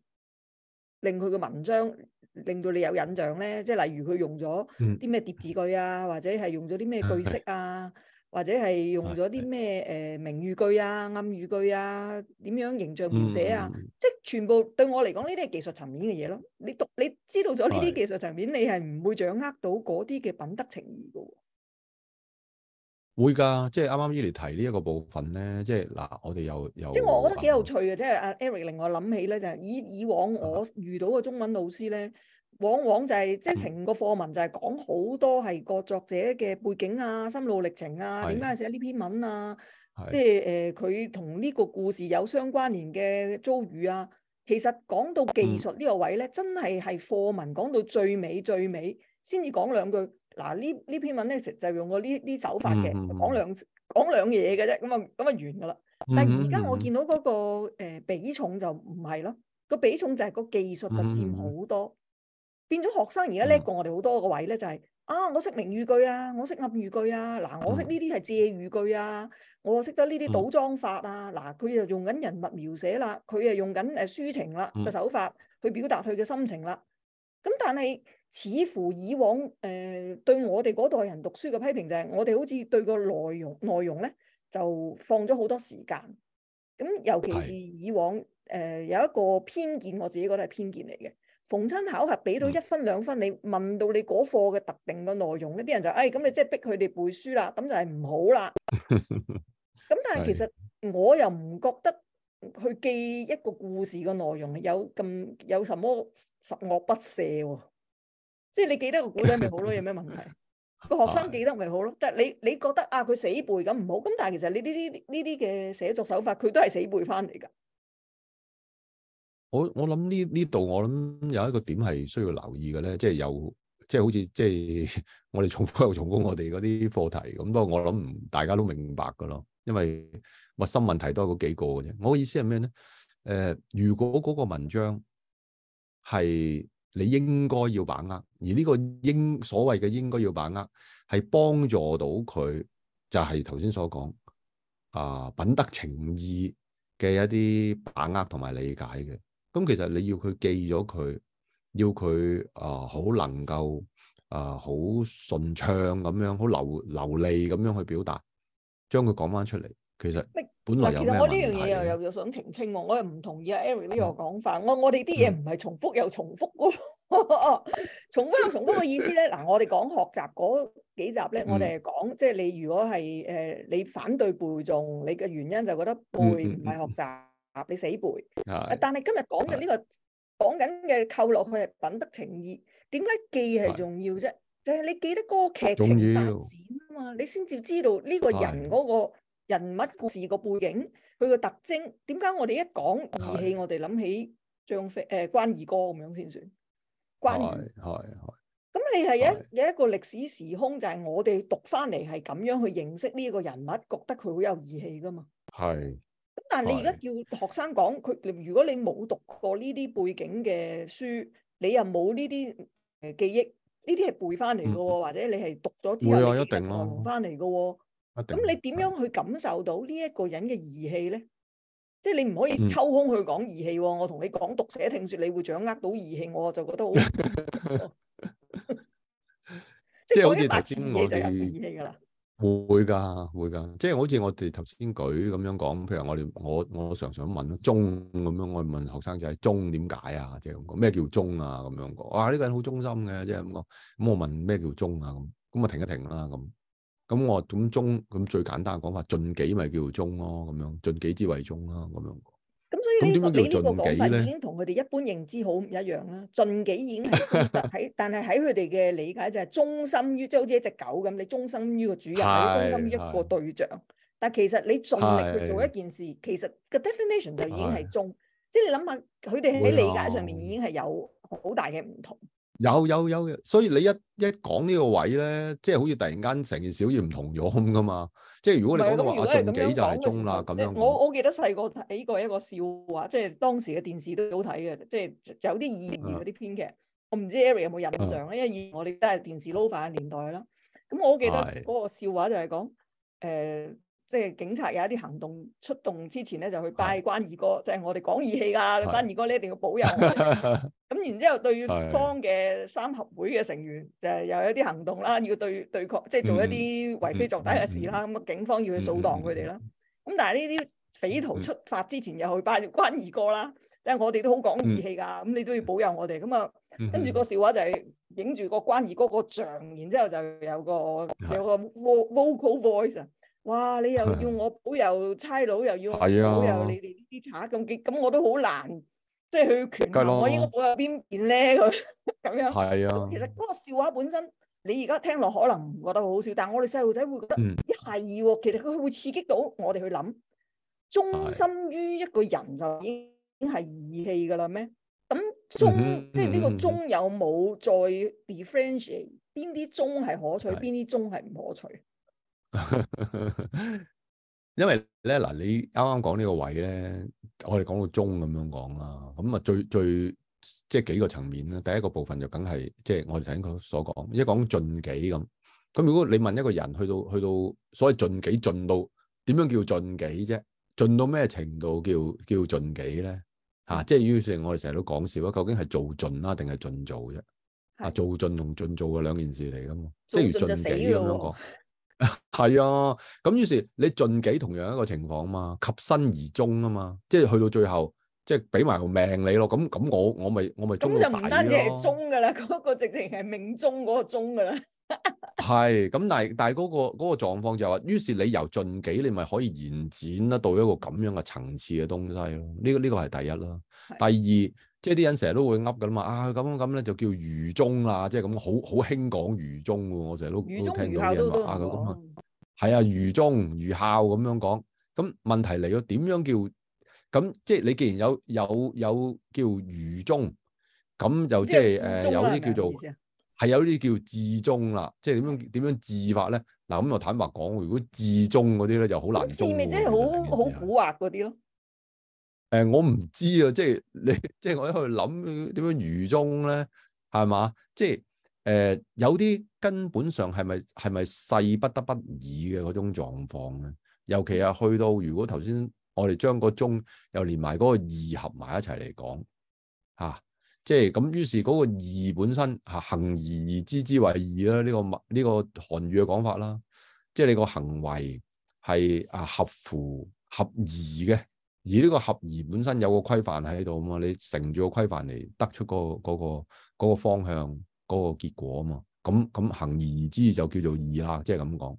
令佢嘅文章令到你有印象咧，即係例如佢用咗啲咩疊字句啊，或者係用咗啲咩句式啊，或者係用咗啲咩誒明喻句啊、暗喻句啊，點樣形象描寫啊？嗯、即係全部對我嚟講呢啲係技術層面嘅嘢咯。你讀，你知道咗呢啲技術層面，你係唔會掌握到嗰啲嘅品德情意嘅會噶，即係啱啱依嚟提呢一個部分咧，即係嗱，我哋有，又即係我覺得幾有趣嘅，即係阿 Eric，令我諗起咧就係、是、以以往我遇到嘅中文老師咧，往往就係、是、即係成個課文就係講好多係個作者嘅背景啊、心路歷程啊、點解是寫呢篇文啊，即係誒佢同呢個故事有相關聯嘅遭遇啊。其實講到技術呢個位咧，嗯、真係係課文講到最尾最尾，先至講兩句。嗱，呢呢篇文咧就是、用過呢啲手法嘅，就講兩講兩嘢嘅啫，咁啊咁啊完噶啦。但係而家我見到嗰個比重就唔係咯，個比重就係個技術就佔好多，變咗學生而家叻過我哋好多個位咧，就係、是、啊，我識明語句啊，我識暗語句啊，嗱，我識呢啲係借語句啊，我識、啊啊、得呢啲倒裝法啊，嗱、啊，佢又用緊人物描寫啦，佢又用緊誒抒情啦嘅手法去表達佢嘅心情啦。咁但係。但似乎以往誒、呃，對我哋嗰代人讀書嘅批評就係、是，我哋好似對個內容內容咧就放咗好多時間。咁尤其是以往誒是、呃，有一個偏見，我自己覺得係偏見嚟嘅。逢親考核俾到一分兩分你，你、嗯、問到你嗰課嘅特定嘅內容一啲人就誒，咁、哎、你即係逼佢哋背書啦，咁就係唔好啦。咁 是但係其實我又唔覺得去記一個故事嘅內容有咁有，有什麼十惡不赦。即係你記得個古仔咪好咯，有咩問題？個學生記得咪好咯，啊、即係你你覺得啊，佢死背咁唔好咁，但係其實你呢啲呢啲嘅寫作手法，佢都係死背翻嚟㗎。我我諗呢呢度，我諗有一個點係需要留意嘅咧，即係有即係好似即係我哋重複又 重複我哋嗰啲課題咁。不過我諗大家都明白㗎咯，因為核心問題都係嗰幾個嘅啫。我意思係咩咧？誒、呃，如果嗰個文章係。你應該要把握，而呢個應所謂嘅應該要把握，係幫助到佢，就係頭先所講啊、呃、品德情意嘅一啲把握同埋理解嘅。咁、嗯、其實你要佢記咗佢，要佢啊好能夠啊好順暢咁樣，好流流利咁樣去表達，將佢講翻出嚟。其實咩本來其實我呢樣嘢又又又想澄清我、嗯、我，我又唔同意阿 Eric 呢個講法。我我哋啲嘢唔係重複、嗯、又重複喎， 重複又重複嘅意思咧。嗱， 我哋講學習嗰幾集咧，嗯、我哋係講即係你如果係誒、呃、你反對背誦，你嘅原因就覺得背唔係學習，嗯嗯、你死背。是但係今日講緊呢個講緊嘅扣落去係品德情意，點解記係重要啫？就係、是、你記得個劇情發展啊嘛，你先至知道呢個人嗰、那個。人物故事個背景，佢個特徵，點解我哋一講義氣，我哋諗起張飛誒關二哥咁樣先算。係係係。咁你係一有一個歷史時空，就係我哋讀翻嚟係咁樣去認識呢個人物，覺得佢好有義氣噶嘛係。咁但係你而家叫學生講佢，如果你冇讀過呢啲背景嘅書，你又冇呢啲誒記憶，呢啲係背翻嚟噶，或者你係讀咗之後一定背翻嚟噶咁你點樣去感受到呢一個人嘅義氣咧？即係你唔可以抽空去講義氣、哦。嗯、我同你講讀寫，聽說你會掌握到義氣，我就覺得 好。即係好似頭先我哋義氣噶啦，會噶會噶。即係好似我哋頭先舉咁樣講，譬如我哋我我常常問忠咁樣，我問學生仔係「忠」點解啊？即係咩叫「忠」啊？咁樣講，哇呢個人好忠心嘅，即係咁講。咁我問咩叫「忠」啊？咁咁啊停一停啦咁。咁我咁忠咁最簡單講法，盡己咪叫忠咯、啊，咁樣盡己之為忠啦、啊，咁樣。咁點樣叫盡己咧？你呢個講法已經同佢哋一般認知好唔一樣啦。盡己已經係喺， 但係喺佢哋嘅理解就係忠心於，即係好似一隻狗咁，你忠心於個主人，忠 心於一個對象。 的但係其實你盡力去做一件事， 其實個 definition 就已經係忠。即係 你諗下，佢哋喺理解上面已經係有好大嘅唔同。有有有，所以你一一講呢個位咧，即係好似突然間成件小事唔同咗咁噶嘛。即係如果你講到話阿仲幾就係中啦咁樣。樣我我記得細個睇過一個笑話，即係當時嘅電視都好睇嘅，即係有啲異樣嗰啲編劇。我唔知 Eric 有冇印象咧，的因為我哋都係電視撈飯嘅年代啦。咁我記得嗰個笑話就係講誒。即係警察有一啲行動出動之前咧，就去拜關二哥。即、就、係、是、我哋講義氣㗎，的關二哥，你一定要保佑。咁 然之後，對方嘅三合會嘅成員就是有一啲行動啦，要對對抗，即、就、係、是、做一啲為非作歹嘅事啦。咁、嗯嗯嗯、警方要去掃蕩佢哋啦。咁但係呢啲匪徒出, s S、嗯、出發之前又去拜關二哥啦。因為我哋都好講義氣㗎，咁、嗯、你都要保佑我哋。咁、嗯、啊，跟、嗯、住、嗯嗯、個笑話就係影住個關二哥個像，然之後就有個有,個,有個 vocal voice。哇！你又要我保佑差佬， 又要保佑你哋呢啲賊，咁咁、啊、我都好難，即係去權我應該保佑邊邊咧佢咁樣。係啊，其實嗰個笑話本身，你而家聽落可能唔覺得好好笑，但係我哋細路仔會覺得係喎、嗯啊。其實佢會刺激到我哋去諗，忠心於一個人就已經係義氣噶啦咩？咁忠、嗯、哼即係呢個忠有冇再 differentiate 邊啲忠係可取，邊啲忠係唔可取？ 因為咧嗱，你啱啱講呢個位咧，我哋講到中咁樣講啦，咁啊最最即係幾個層面啦。第一個部分就梗係即係我哋頭先講所講，一講盡己咁。咁如果你問一個人去到去到所謂盡己盡到點樣叫盡己啫？盡到咩程度叫叫盡己咧？吓、啊，即係於是我哋成日都講笑啊，究竟係做盡啦，定係盡做啫？的啊，做盡同盡做嘅兩件事嚟噶嘛？即係如盡己咁樣講。盡係啊，咁於是你盡己同樣一個情況嘛，及身而終啊嘛，即係去到最後，即係俾埋條命你咯。咁咁我我咪我咪咁就唔單止係中噶啦，嗰、那個直情係命中嗰個終噶啦。係 咁，但係但係、那、嗰個嗰、那個狀況就係、是、話，於是你由盡己，你咪可以延展得到一個咁樣嘅層次嘅東西咯。呢、這個呢、這個係第一啦，的第二。即係啲人成日都會噏噶啦嘛，啊咁樣咁咧就叫愚忠啦，即係咁好好輕講愚忠喎，我成日都中都聽到人話啊，佢咁啊，係啊愚忠愚孝咁樣講，咁問題嚟咗，點樣叫咁即係你既然有有有，有叫愚忠，咁就即係誒有啲叫做係有啲叫智忠啦，即係點樣點樣智法咧？嗱咁我坦白講，如果智忠嗰啲咧就好難。治咪即係好好古惑嗰啲咯。誒、呃，我唔知啊，即係你，即係我喺度諗點樣愚忠咧，係嘛？即係誒、呃，有啲根本上係咪係咪勢不得不已嘅嗰種狀況咧？尤其係去到如果頭先我哋將個忠又連埋嗰個義合埋一齊嚟講，吓、啊，即係咁，於是嗰個義本身行而而知之為義啦，呢、這個物呢、這個韓愈嘅講法啦，即係你個行為係啊合乎「合義」嘅。而呢個合宜本身有個規範喺度啊嘛，你乘住個規範嚟得出嗰個嗰個嗰個方向嗰個結果啊嘛，咁咁行而宜之就叫做義啦，即係咁講。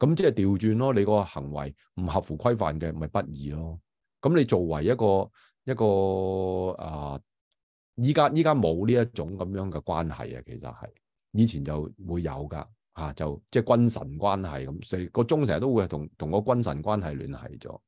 咁即係調轉咯，你個行為唔合乎規範嘅，咪不義咯。咁你作為一個一個啊，依家依家冇呢一種咁樣嘅關係啊，其實係以前就會有噶嚇、啊，就即係君臣關係咁，嗰個宗成日都會同同個君臣關係聯繫咗。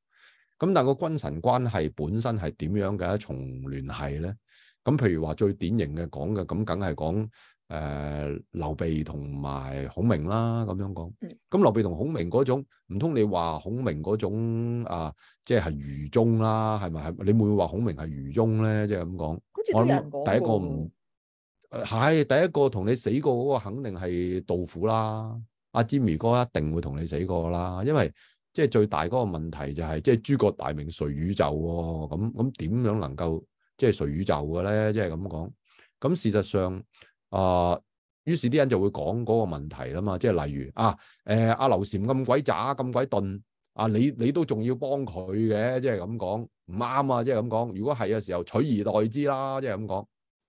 咁但係個君臣關係本身係點樣嘅一重聯繫咧？咁譬如話最典型嘅講嘅咁，梗係講誒劉備同埋孔明啦。咁樣講，咁、嗯、劉備同孔明嗰種唔通你話孔明嗰種啊，即係係愚忠啦，係咪係？你會唔會話孔明係愚忠咧？即係咁講。好似啲人講喎。我諗第一個唔係、呃、第一個同你死過嗰個肯定係杜甫啦，阿詹如哥一定會同你死過啦，因為。即係最大嗰個問題就係、是，即係諸葛大名垂宇宙喎、哦？咁咁點樣能夠即係垂宇宙嘅咧？即係咁講。咁事實上啊、呃，於是啲人就會講嗰個問題啦嘛。即係例如啊，誒阿劉禪咁鬼渣咁鬼鈍，啊，啊你你都仲要幫佢嘅？即係咁講唔啱啊！即係咁講，如果係嘅時候取而代之啦，即係咁講。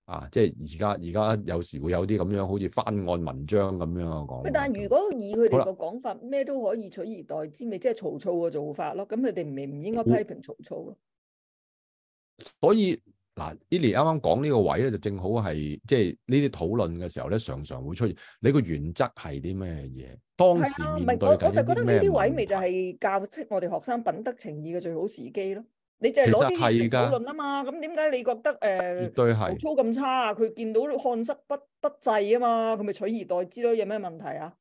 啊，即係而家而家有時會有啲咁樣，好似翻案文章咁樣講。但如果以佢哋個講法，咩了都可以取而代之，咪即係曹操嘅做法咯？咁佢哋唔係唔應該批評曹操？所以嗱 Lily 啱啱講呢個位咧，就正好係即係呢啲討論嘅時候咧，常常會出現你個原則係啲咩嘢？當時面對、啊、我，我就覺得呢啲位咪就係教識我哋學生品德情意嘅最好時機咯。你就係攞啲嘢嚟討論啊嘛，咁點解你覺得誒曹、呃、粗咁差啊？佢見到漢室不不濟啊嘛，佢咪取而代之咯，有咩問題啊？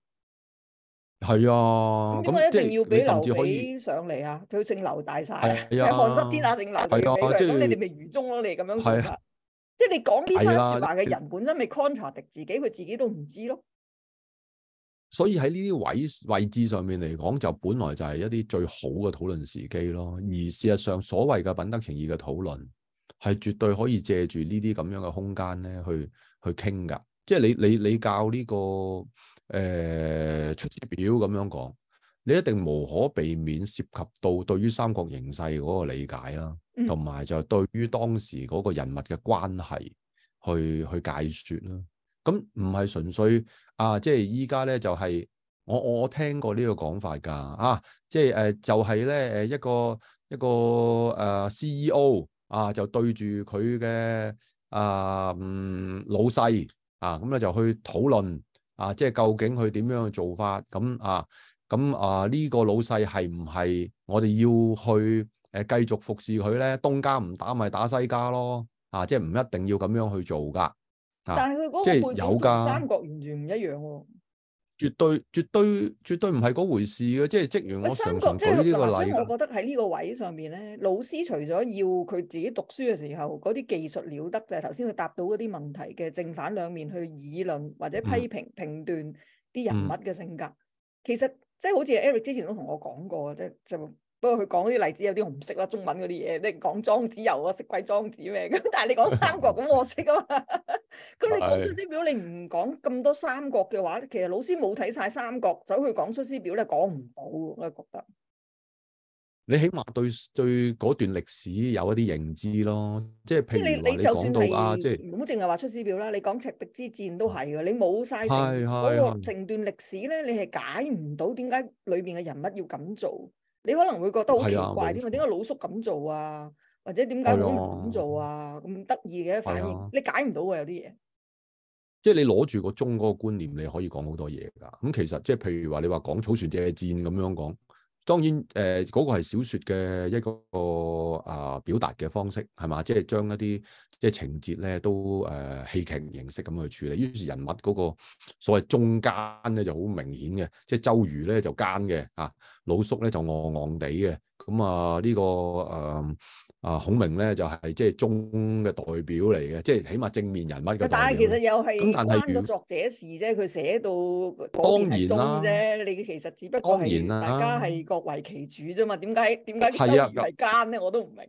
係啊，咁點解一定要俾劉備上嚟啊！佢姓劉大曬啊，係漢室天下、啊、姓劉大，咁、啊就是、你哋咪愚忠咯？你咁樣講、啊，即係、啊、你講呢番説話嘅人本身咪 contradict 自己，佢自己都唔知咯。所以喺呢啲位位置上面嚟講，就本來就係一啲最好嘅討論時機咯。而事實上，所謂嘅品德情意嘅討論，係絕對可以借住呢啲咁樣嘅空間咧，去去傾噶。即係你你你教呢個誒出師表咁樣講，你一定無可避免涉及到對於三國形勢嗰個理解啦，同埋就係對於當時嗰個人物嘅關係去去解說啦。咁唔係純粹啊！即係依家咧就係、是、我我我聽過呢個講法㗎啊！即係誒、呃、就係咧誒一個一個誒、呃、CEO 啊，就對住佢嘅啊、嗯、老細啊咁咧就去討論啊！即係究竟佢點樣嘅做法？咁啊咁啊呢、啊這個老細係唔係我哋要去誒繼續服侍佢咧？東家唔打咪打西家咯啊！即係唔一定要咁樣去做㗎。但係佢嗰個背景即有嘅三國完全唔一樣喎，絕對絕對絕對唔係嗰回事嘅，即係職員，我常常舉呢個例，我覺得喺呢個位上面咧，老師除咗要佢自己讀書嘅時候，嗰啲技術了得就係頭先佢答到嗰啲問題嘅正反兩面去議論或者批評、評斷啲人物嘅性格，嗯、其實即係好似 Eric 之前都同我講過，即係就。不過佢講啲例子有啲我唔識啦，中文嗰啲嘢，你講莊子遊啊，識鬼莊子咩？咁但係你講三國咁，我識啊嘛。咁你講出師表，你唔講咁多三國嘅話咧，其實老師冇睇晒三國，走去講出師表咧，講唔到，我覺得。你起碼對對嗰段歷史有一啲認知咯，即係譬如你你就算係啊，即係唔好淨係話出師表啦，你講赤壁之戰都係嘅，你冇晒成嗰個成段歷史咧，你係解唔到點解裏邊嘅人物要咁做。你可能會覺得好奇怪啲，點解、啊、老叔咁做啊？或者點解咁做啊？咁得意嘅反應，啊、你解唔到嘅有啲嘢。即係你攞住個鐘嗰個觀念，你可以講好多嘢㗎。咁、嗯、其實即係、就是、譬如話，你話講草船借箭咁樣講。當然，誒、呃、嗰、那個係小說嘅一個啊、呃、表達嘅方式，係嘛？即係將一啲即係情節咧都誒戲劇形式咁去處理，於是人物嗰個所謂忠奸咧就好明顯嘅，即係周瑜咧就奸嘅，啊老叔咧就憨憨地嘅，咁啊呢、這個誒。呃啊，孔明咧就係即係忠嘅代表嚟嘅，即係起碼正面人物但係其實又係奸嘅作者事啫，佢寫到當然啦，啊，你其實只不過係大家係各為其主啫嘛？點解點解周瑜係奸咧？啊、我都唔明。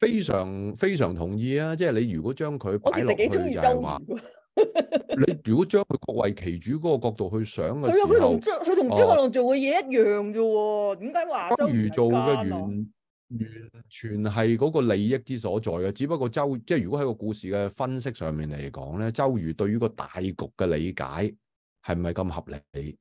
非常非常同意啊！即係你如果將佢擺落去就話，周 你如果將佢各為其主嗰個角度去想嘅時候，佢同周佢同諸葛亮做嘅嘢一樣咋？點解話周瑜做嘅完？啊啊完全係嗰個利益之所在嘅，只不過周即係如果喺個故事嘅分析上面嚟講咧，周瑜對於個大局嘅理解係唔係咁合理？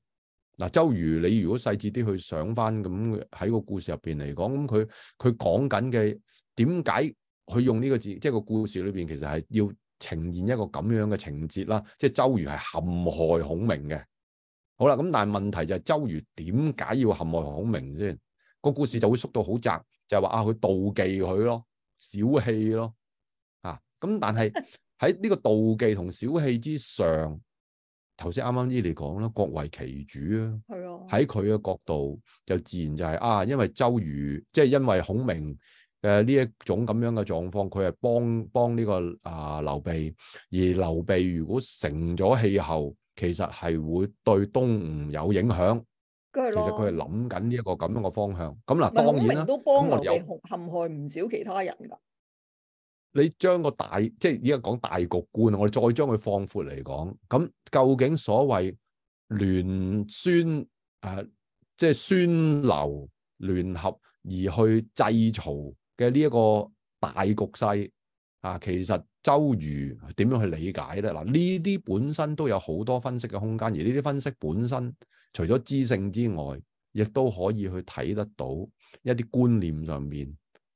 嗱、啊，周瑜你如果細緻啲去想翻咁喺個故事入邊嚟講，咁佢佢講緊嘅，點解佢用呢個字，即係個故事裏邊、就是、其實係要呈現一個咁樣嘅情節啦，即係周瑜係陷害孔明嘅。好啦，咁但係問題就係、是、周瑜點解要陷害孔明先？個故事就會縮到好窄。就係話啊，佢妒忌佢咯，小氣咯，啊咁！但係喺呢個妒忌同小氣之上，頭先啱啱啲嚟講啦，各為其主啊，喺佢嘅角度就自然就係啊，因為周瑜即係、就是、因為孔明嘅呢一種咁樣嘅狀況，佢係幫幫呢個啊劉備，而劉備如果成咗氣候，其實係會對東吳有影響。其實佢係諗緊呢一個咁樣嘅方向，咁嗱，當然啦。都幫我哋陷害唔少其他人噶。你將個大，即係依家講大局觀，我哋再將佢放闊嚟講，咁究竟所謂聯孫誒，即係孫劉聯合而去制曹嘅呢一個大局勢啊，其實周瑜點樣去理解咧？嗱，呢啲本身都有好多分析嘅空間，而呢啲分析本身。除咗知性之外，亦都可以去睇得到一啲觀念上面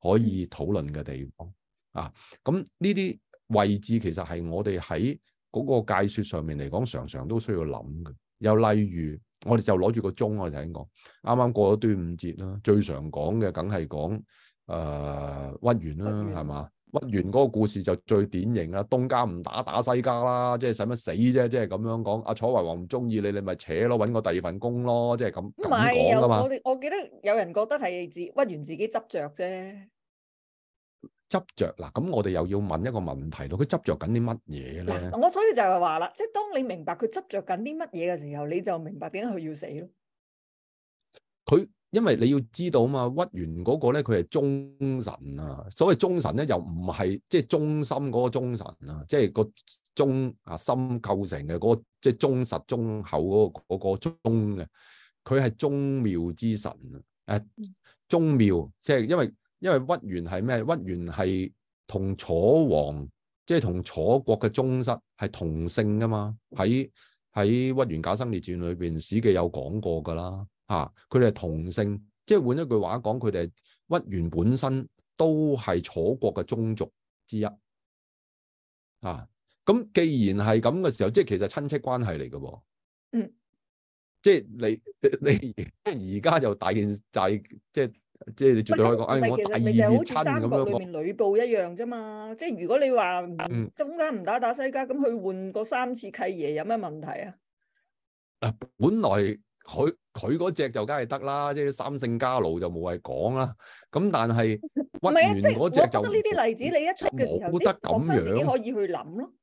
可以討論嘅地方啊！咁呢啲位置其實係我哋喺嗰個界説上面嚟講，常常都需要諗嘅。又例如，我哋就攞住個鐘，我哋頭先講，啱啱過咗端午節啦，最常講嘅梗係講誒屈原啦，係嘛原？屈原嗰個故事就最典型啦，東家唔打打西家啦，即係使乜死啫，即係咁樣講。阿楚懷王唔中意你，你咪扯咯，搵個第二份工咯，即係咁咁講噶嘛。我記得有人覺得係自屈原自己執著啫，執著嗱。咁我哋又要問一個問題咯，佢執著緊啲乜嘢咧？我所以就係話啦，即係當你明白佢執著緊啲乜嘢嘅時候，你就明白點解佢要死咯。佢。因為你要知道啊嘛，屈原嗰個咧，佢係忠臣啊。所謂忠臣咧，又唔係即係忠心嗰個忠臣啊，即係個忠啊心構成嘅嗰、那個即係忠實忠厚嗰、那個嗰、那個忠嘅。佢係宗廟之神啊。誒、呃，宗廟即係因為因為屈原係咩？屈原係同楚王即係同楚國嘅宗室係同性同姓噶嘛。喺喺屈原賈生列傳裏邊，史記有講過噶啦。啊！佢哋係同姓，即係換一句話講，佢哋係屈原本身都係楚國嘅宗族之一。啊！咁既然係咁嘅時候，即係其實親戚關係嚟嘅。嗯。即係你你即係而家就大件事，就是嗯、即係即係你絕對可以講，哎我就好似三國裡面呂布一樣啫嘛，嗯、即係如果你話中間唔打打西家，咁去換過三次契爺有咩問題啊？啊、嗯！本來。佢佢嗰隻就梗係得啦，即係啲三姓家奴就冇係講啦。咁但係屈原嗰隻就、啊、得呢啲例子我你一出嘅時候冇得咁樣，可以去諗咯。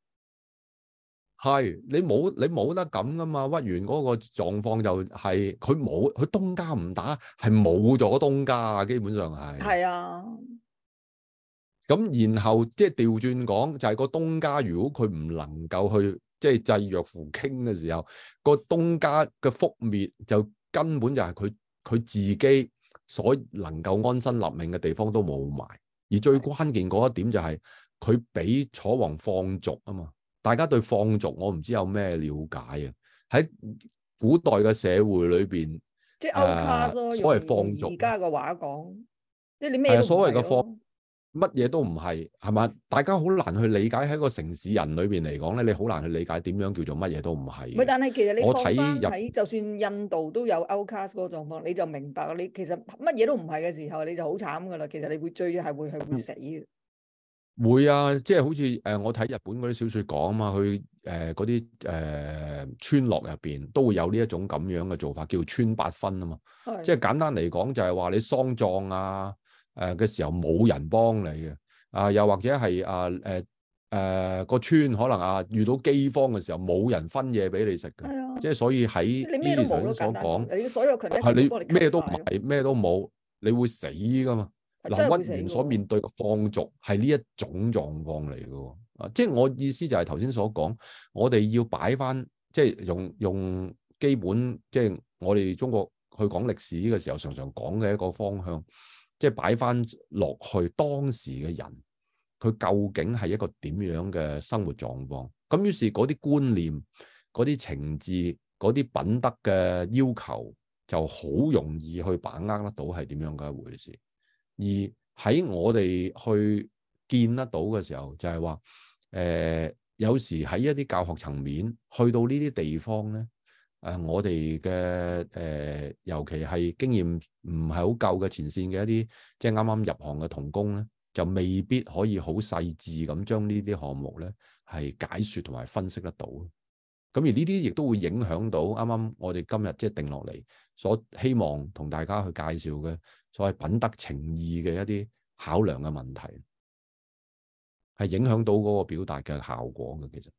係你冇你冇得咁噶嘛？屈原嗰個狀況就係佢冇佢東家唔打，係冇咗東家啊，基本上係。係啊。咁然後即係調轉講，就係、是、個東家如果佢唔能夠去。即係濟弱扶傾嘅時候，個東家嘅覆滅就根本就係佢佢自己所能夠安身立命嘅地方都冇埋。而最關鍵嗰一點就係佢俾楚王放逐啊嘛！大家對放逐我唔知有咩了解啊？喺古代嘅社會裏邊，即係 outcast 咯，所謂放逐，而家嘅話講，即係你咩所謂嘅放？乜嘢都唔係，係嘛？大家好難去理解喺個城市人裏邊嚟講咧，你好難去理解點樣叫做乜嘢都唔係。但係其實你我睇日，就算印度都有 outcast 嗰個狀況，你就明白你其實乜嘢都唔係嘅時候，你就好慘噶啦。其實你會最係會係會死嘅、嗯。會啊，即、就、係、是、好似誒、呃，我睇日本嗰啲小說講啊嘛，佢誒嗰啲誒村落入邊都會有呢一種咁樣嘅做法，叫村八分啊嘛。即係簡單嚟講就係話你喪葬啊。誒嘅時候冇人幫你嘅，啊又或者係啊誒誒、啊啊那個村可能啊遇到饑荒嘅時候冇人分嘢俾你食嘅，啊、即係所以喺呢啲頭先所講，係你咩都唔係咩都冇，你會死噶嘛？嗱，屈原所面對嘅放逐係呢一種狀況嚟嘅，啊，即係我意思就係頭先所講，我哋要擺翻即係用用基本，即係我哋中國去講歷史嘅時候，常常講嘅一個方向。即係擺翻落去當時嘅人，佢究竟係一個點樣嘅生活狀況？咁於是嗰啲觀念、嗰啲情志、嗰啲品德嘅要求，就好容易去把握得到係點樣嘅一回事。而喺我哋去見得到嘅時候，就係話誒，有時喺一啲教學層面，去到呢啲地方咧。誒、啊，我哋嘅誒，尤其係經驗唔係好夠嘅前線嘅一啲，即係啱啱入行嘅同工咧，就未必可以好細緻咁將呢啲項目咧係解說同埋分析得到。咁而呢啲亦都會影響到啱啱我哋今日即係定落嚟所希望同大家去介紹嘅所謂品德情意嘅一啲考量嘅問題，係影響到嗰個表達嘅效果嘅，其實。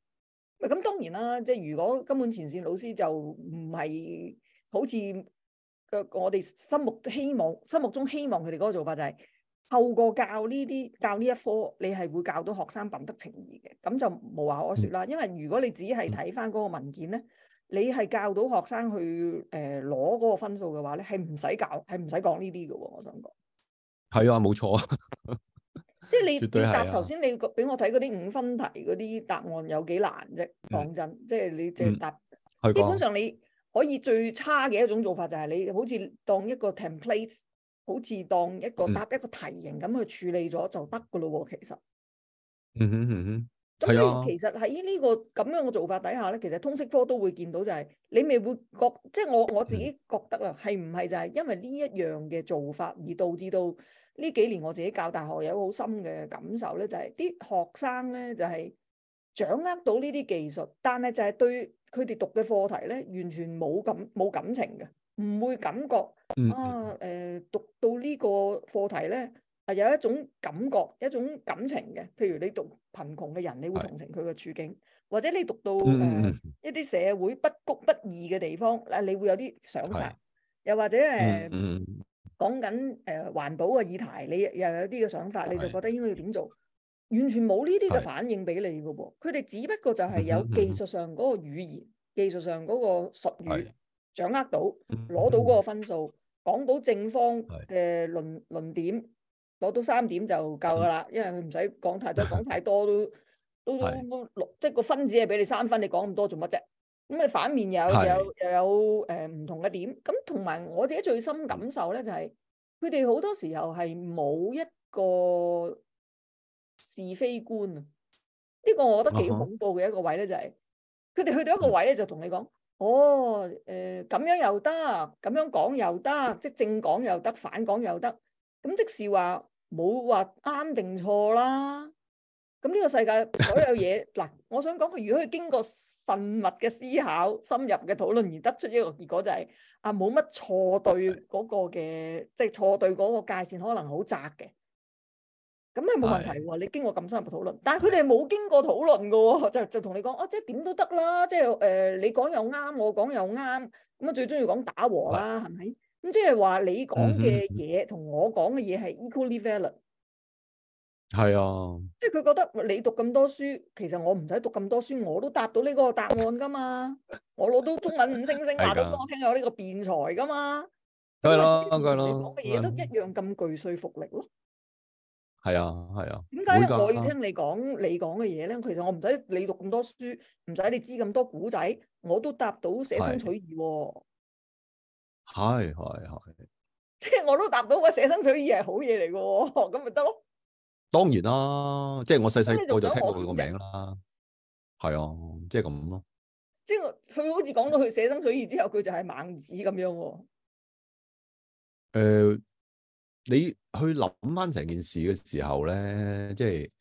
咁當然啦，即係如果根本前線老師就唔係好似嘅，我哋心目希望、心目中希望佢哋嗰個做法就係透過教呢啲教呢一科，你係會教到學生品德情意嘅，咁就冇話可説啦。因為如果你只係睇翻嗰個文件咧，你係教到學生去誒攞嗰個分數嘅話咧，係唔使教，係唔使講呢啲嘅喎。我想講，係啊，冇錯。 即係你你答頭先，你俾我睇嗰啲五分題嗰啲答案有幾難啫，啊？講真，嗯、即係你淨係答，嗯嗯、基本上你可以最差嘅一種做法就係你好似當一個 template，好似當一個、嗯、答一個題型咁去處理咗就得噶咯。其實，嗯哼嗯哼，咁所以其實喺呢個咁樣嘅做法底下咧，其實通識科都會見到就係你咪會覺，即係我我自己覺得啦，係唔係就係因為呢一樣嘅做法而導致到？呢幾年我自己教大學有個好深嘅感受咧，就係啲學生咧就係掌握到呢啲技術，但係就係對佢哋讀嘅課題咧完全冇感冇感情嘅，唔會感覺啊誒，讀到呢個課題咧係有一種感覺一種感情嘅。譬如你讀貧窮嘅人，你會同情佢嘅處境，的或者你讀到誒、呃嗯、一啲社會不公不義嘅地方，嗱你會有啲想法，的又或者誒、嗯。嗯講緊誒、呃、環保嘅議題，你又有啲嘅想法，你就覺得應該要點做？完全冇呢啲嘅反應俾你㗎喎，佢哋的只不過就係有技術上嗰個語言、 技術上嗰個術語的掌握到，攞到嗰個分數，講到正方嘅論論點，攞到三點就夠㗎啦，的因為佢唔使講太多，講太多都都即係個分值係俾你三分，你講咁多做乜啫？咁啊，反面有有又有誒唔的、呃、同嘅點，咁同埋我自己最深感受咧，就係佢哋好多時候係冇一個是非觀啊，呢、呢個我覺得幾恐怖嘅一個位咧、就是，就係佢哋去到一個位咧，就同你講，哦誒咁、呃、樣又得，咁樣講又得，即係正講又得，反講又得，咁即使話冇話啱定錯啦，咁呢個世界所有嘢嗱， 我想講佢如果佢經過。慎密嘅思考、深入嘅討論而得出一個結果就係啊，冇乜錯對嗰個嘅，即係錯對嗰個界線可能好窄嘅，咁係冇問題喎。你經過咁深入嘅討論，但係佢哋冇經過討論嘅喎，就就同你講啊，即係點都得啦，即係誒，你講又啱，我講又啱，咁啊最鍾意講打和啦，係咪？咁即係話你講嘅嘢同我講嘅嘢係 equally valid。係啊，即係佢覺得你讀咁多書，其實我唔使讀咁多書，我都答到呢個答案噶嘛。我攞到中文五星星，話的俾我聽下呢個辯才噶嘛。係咯的，咯的，講嘅嘢都一樣咁具說服力咯。係啊，係啊。點解個我要聽你講的你講嘅嘢咧？其實我唔使你讀咁多書，唔使你知咁多古仔，我都答到捨生取義。係係係，即係我都答到個捨生取義係好嘢嚟嘅，咁咪得咯。當然啦，即係我細細個就聽過佢個名啦。係啊，就是、即係咁咯。即係佢好似講到佢捨生取義之後，佢就係猛子咁樣喎、啊呃。你去諗翻成件事嘅時候咧，即係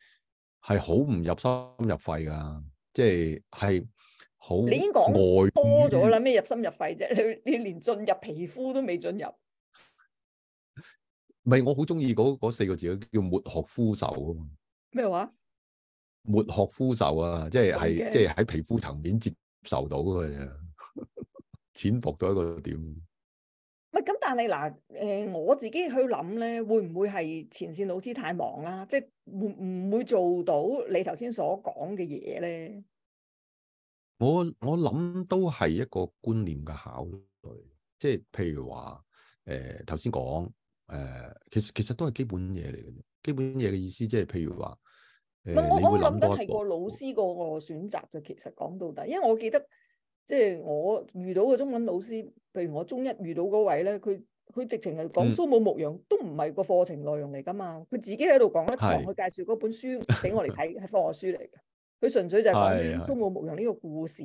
係好唔入心入肺㗎，即係係好。你已經講外多咗啦，咩入心入肺啫？你你連進入皮膚都未進入。唔係，我好中意嗰四個字，叫末學膚受啊！咩話？末學膚受啊，即係即係喺皮膚層面接受到嘅啫，潛伏 到一個點。唔係咁，但係嗱，誒，我自己去諗咧，會唔會係前線老師太忙啦？即係會唔會做到你頭先所講嘅嘢咧？我我諗都係一個觀念嘅考慮，即係譬如話，誒、呃，頭先講。誒，其實其實都係基本嘢嚟嘅，基本嘢嘅意思即係譬如話，呃、我我諗得係個老師個個選擇就其實講到底，因為我記得即係、就是、我遇到嘅中文老師，譬如我中一遇到嗰位咧，佢佢直情係講蘇武牧羊，嗯、都唔係個課程內容嚟噶嘛。佢自己喺度講一堂，佢是介紹嗰本書俾我嚟睇，係課外書嚟嘅。佢純粹就係講蘇武牧羊呢個故事，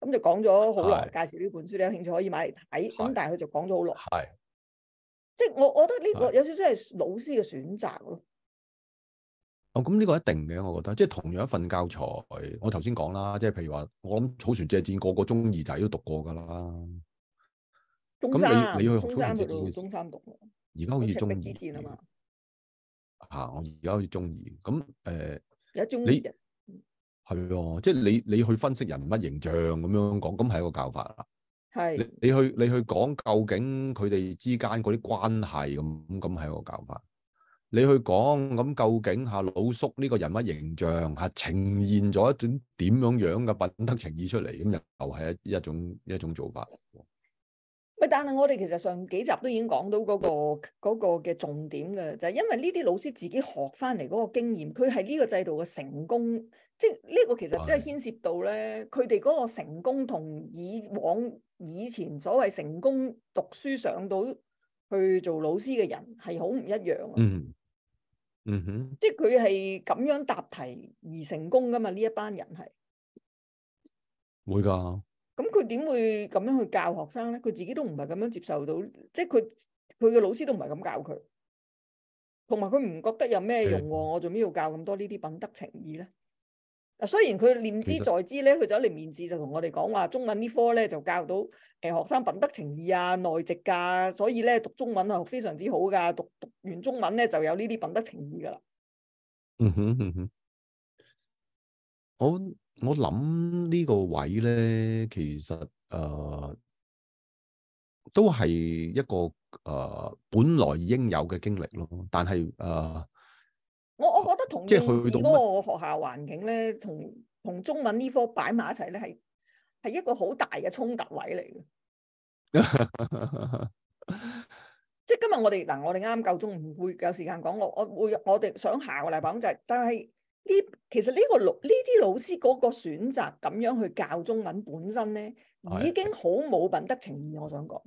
咁的就講咗好耐，介紹呢本書，你有興趣可以買嚟睇。咁但係佢就講咗好耐。的即係我，我覺得呢個有少少係老師嘅選擇咯。哦，咁呢個一定嘅，我覺得，即係同樣一份教材，我頭先講啦，即係譬如話，我諗《草船借箭》，個個中二仔都讀過㗎啦。中山啊，中山咪讀，中山讀。而家好似中二啊嘛。吓！我而家好似中二，咁誒。而家中二。係喎，即係你你去分析人物形象咁樣講，咁係一個教法啦。係你是你去你去講究竟佢哋之間嗰啲關係，咁咁係一個教法，你去講咁究竟吓老叔呢個人物形象吓呈現咗一種點樣樣嘅品德情意出嚟，咁又係一一種一種做法。咪但係我哋其實上幾集都已經講到嗰、嗰個、嗰個嘅重點嘅，就係、係、因為呢啲老師自己學翻嚟嗰個經驗，佢係呢個制度嘅成功。即係呢、呢個其實真係牽涉到咧，佢哋嗰個成功同以往以前所謂成功讀書上到去做老師嘅人係好唔一樣。嗯嗯哼，即係佢係咁樣答題而成功噶嘛？呢一班人係會㗎的。咁佢點會咁樣去教學生咧？佢自己都唔係咁樣接受到，即係佢佢嘅老師都唔係咁教佢，同埋佢唔覺得有咩用喎、啊。的我做咩要教咁多呢啲品德情意咧？啊，雖然佢念之在之咧，佢走嚟面試就同我哋，講話中文呢科咧就教到誒學生品德情意啊、內籍噶、啊，所以咧讀中文係非常之好噶，讀讀完中文咧就有呢啲品德情意噶啦。嗯哼嗯哼，我我諗呢個位咧，其實誒、呃、都係一個誒、呃、本來應有嘅經歷咯，但係誒。呃我我覺得同英語嗰個學校環境咧，同同中文呢科擺埋一齊咧，係係一個好大嘅衝突位嚟嘅。 即係今日我哋嗱，我哋啱啱夠鐘，唔會有時間講我我會，我哋想下個禮拜咁就係，就係呢其實呢個老呢啲老師嗰個選擇咁樣去教中文本身咧，已經好冇品德情意。我想講。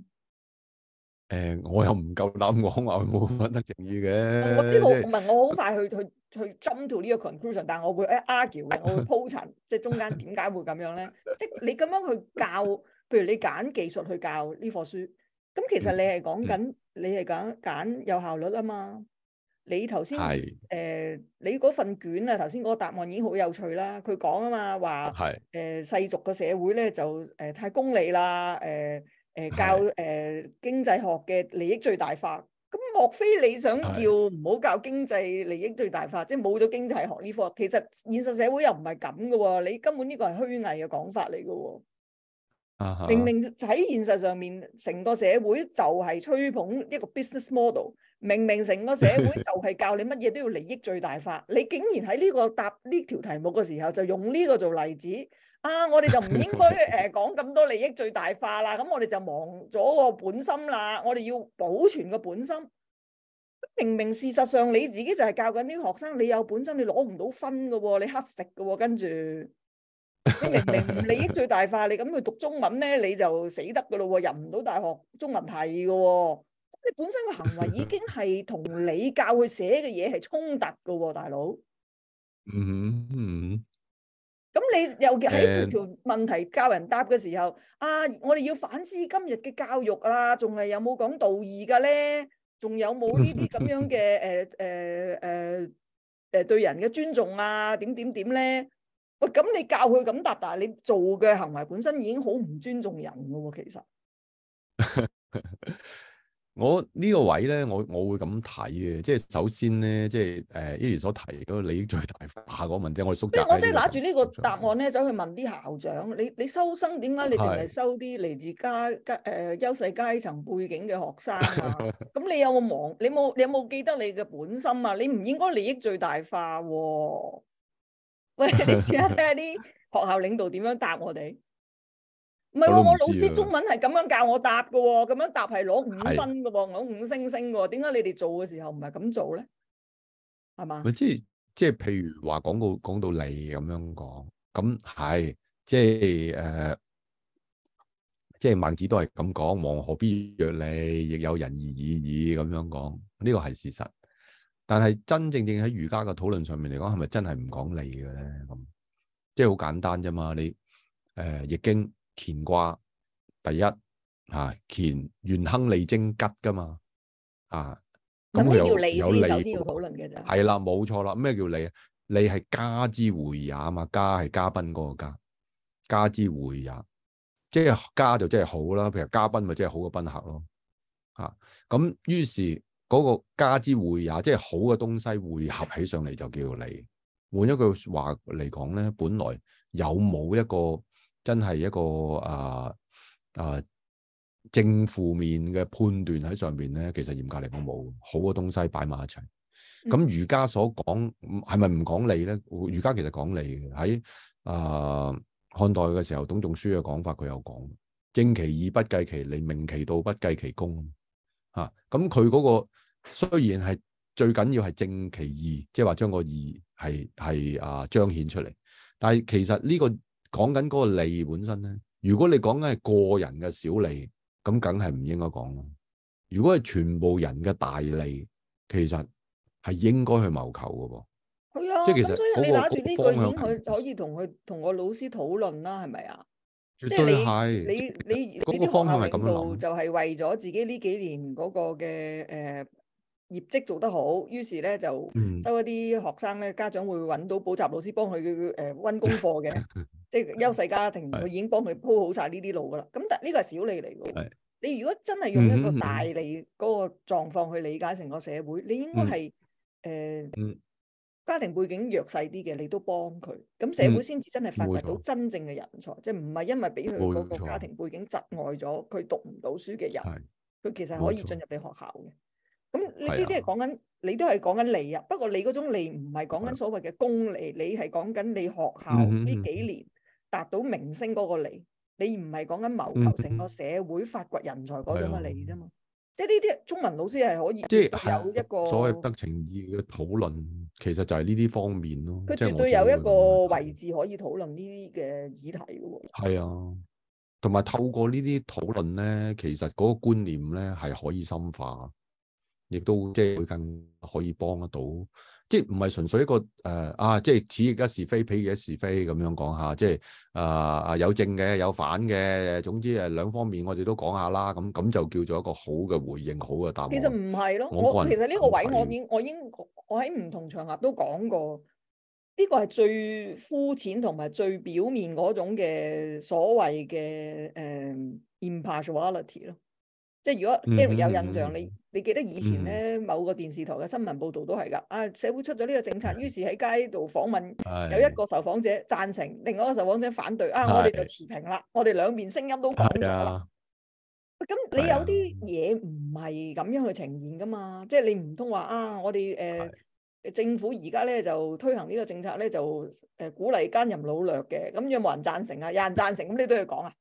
誒，我又唔夠膽講話冇得情意嘅。我呢個唔係我好快去去去 jump to 呢個 conclusion，但係我會誒 argue，我鋪陳，即係中間點解會咁樣咧？即係你咁樣去教，譬如你揀技術去教呢課書，咁其實你係講緊你係講揀有效率啊嘛。你頭先誒，你嗰份卷啊，頭先嗰個答案已經好有趣啦。佢講啊嘛，話誒世俗嘅社會咧就誒太功利啦，誒。誒、呃、教誒、呃、經濟學嘅利益最大化，咁莫非你想叫唔好教經濟利益最大化？的即係冇咗經濟學呢科，其實現實社會又唔係咁噶喎，你根本呢個係虛偽嘅講法嚟噶喎。Uh huh. 明明喺現實上面，成個社會就係吹捧一個 business model，明明成個社會就係教你乜嘢都要利益最大化， 你竟然喺呢、呢個答呢條題目嘅時候就用呢個做例子。啊！我哋就唔應該誒、呃、講咁多利益最大化啦，咁我哋就忘咗個、哦、本心啦。我哋要保存個本心。明明事實上你自己就係教緊啲學生，你有本身你攞唔到分嘅喎、哦，你乞食嘅喎、哦，跟住你明明利益最大化，你咁去讀中文咧，你就死得嘅咯喎，入唔到大學中文系嘅喎。你本身嘅行為已經係同你教佢寫嘅嘢係衝突嘅喎、哦，大佬。嗯、mm。Hmm. 咁你尤其喺條問題教人答嘅時候，嗯、啊，我哋要反思今日嘅教育啦，仲係有冇講道義㗎咧？仲有冇呢啲咁樣嘅誒誒誒誒對人嘅尊重啊？點點點咧？喂，咁你教佢咁答，但係你做嘅行為本身已經好唔尊重人嘅喎，其實。 我呢個位咧，我我會咁睇嘅，即係首先咧，即係誒，一如所提嗰個利益最大化個問題，我哋縮窄。即係我真係拿住呢個答案咧，走去問啲校長，你你收生點解你淨係收啲嚟自階階誒優勢階層背景嘅學生啊？咁 你有冇忘？你冇？你有冇記得你嘅本心啊？你唔應該利益最大化啊。喂，你試下睇下啲學校領導點樣答我哋。唔係喎，啊、我，我老師中文係咁樣教我答噶喎、啊，咁樣答係攞五分噶喎、啊，攞五的星星噶喎、啊，點解你哋做嘅時候唔係咁做咧？係嘛？即係即係，譬如話講到講到利咁樣講，咁係即係誒，即係孟子都係咁講，王何必曰利，亦有仁義而已矣咁樣講，呢個係事實。但係真正正喺儒家嘅討論上面嚟講，係咪真係唔講利嘅咧？咁即係好簡單啫嘛，你誒《易、呃、經》。乾卦第一吓、啊，乾元亨利貞吉噶嘛，啊咁佢、嗯嗯、有利，有利。先要討論嘅啫，係啦，冇錯啦。咩叫利啊？利係家之會也啊嘛，家係嘉賓嗰個家，家之會也，即係家就即係好啦。譬如嘉賓咪即係好嘅賓客咯，啊咁於是嗰個家之會也，即係好嘅東西匯合起上嚟就叫利。換一句話嚟講咧，本來有冇一個？真係一個啊啊、呃呃、正負面嘅判斷喺上邊咧，其實嚴格嚟講冇好嘅東西擺埋一齊。咁儒家所講係咪唔講理咧？儒家其實講理嘅，喺啊漢代嘅時候，董仲舒嘅講法佢有講，正其義不計其利，明其道不計其功。啊，咁佢嗰個雖然係最緊要係正其義，即係話將個義係係啊彰顯出嚟，但係其實呢、這個。講緊嗰個利本身咧，如果你講緊係個人嘅小利，咁梗係唔應該講咯。如果係全部人嘅大利，其實係應該去謀求嘅噃。係啊，即係其實、嗰個，所以你攞住呢句已經可以同佢同個老師討論啦，係咪啊？絕對係。係係你的你嗰你方向係咁樣諗就係為咗自己呢幾年嗰個嘅誒。呃業績做得好，於是咧就收一啲學生咧，家長會揾到補習老師幫佢誒温功課嘅。 即係優勢家庭，佢是已經幫佢鋪好晒呢啲路噶啦。咁但呢個係小利嚟嘅，是你如果真係用一個大利嗰個狀況去理解成個社會，你應該係誒家庭背景弱勢啲嘅，你都幫佢，咁社會先至真係發掘到真正嘅人才，嗯、即係唔係因為俾佢嗰個家庭背景窒礙咗佢讀唔到書嘅人，佢錯其實係可以進入你學校嘅。咁呢啲啲係講緊，你都係講緊利啊。不過你嗰種利唔係講緊所謂嘅公利，啊、你係講緊你學校呢幾年達到明星嗰個利。嗯嗯、你唔係講緊謀求成個社會發掘人才嗰種嘅利啫嘛。啊、即係呢啲中文老師係可以即係有一個，啊啊、所謂得情意」嘅討論其實就係呢啲方面咯。佢絕對有一個位置可以討論呢啲嘅議題嘅喎。係啊，同埋透過呢啲討論咧，其實嗰個觀念咧係可以深化。亦都即係會更可以幫得到，即係唔係純粹一個誒、呃、啊，即係此而家是非，彼而家是非咁樣講下，即係啊啊有正嘅，有反嘅，總之誒兩方面我哋都講下啦。咁咁就叫做一個好嘅回應，好嘅答案。其實唔係咯，我，個我其實呢個位我已經是我已經我喺唔同場合都講過，呢、這個係最膚淺同埋最表面嗰種嘅所謂嘅誒、嗯、impartiality 咯。即係如果 Gary 有印象、mm hmm. 你。你記得以前咧，某個電視台嘅新聞報導都係噶。啊，社會出咗呢個政策，是的於是喺街度訪問，的有一個受訪者贊成，另一個受訪者反對。啊，的我哋就持平啦，我哋兩邊聲音都講咗啦。咁的你有啲嘢唔係咁樣去呈現噶嘛？即係你唔通話啊，我哋誒、呃、的政府而家咧就推行呢個政策咧，就誒鼓勵奸淫擄掠嘅。咁有冇人贊成啊？有人贊成，咁你都要講啊？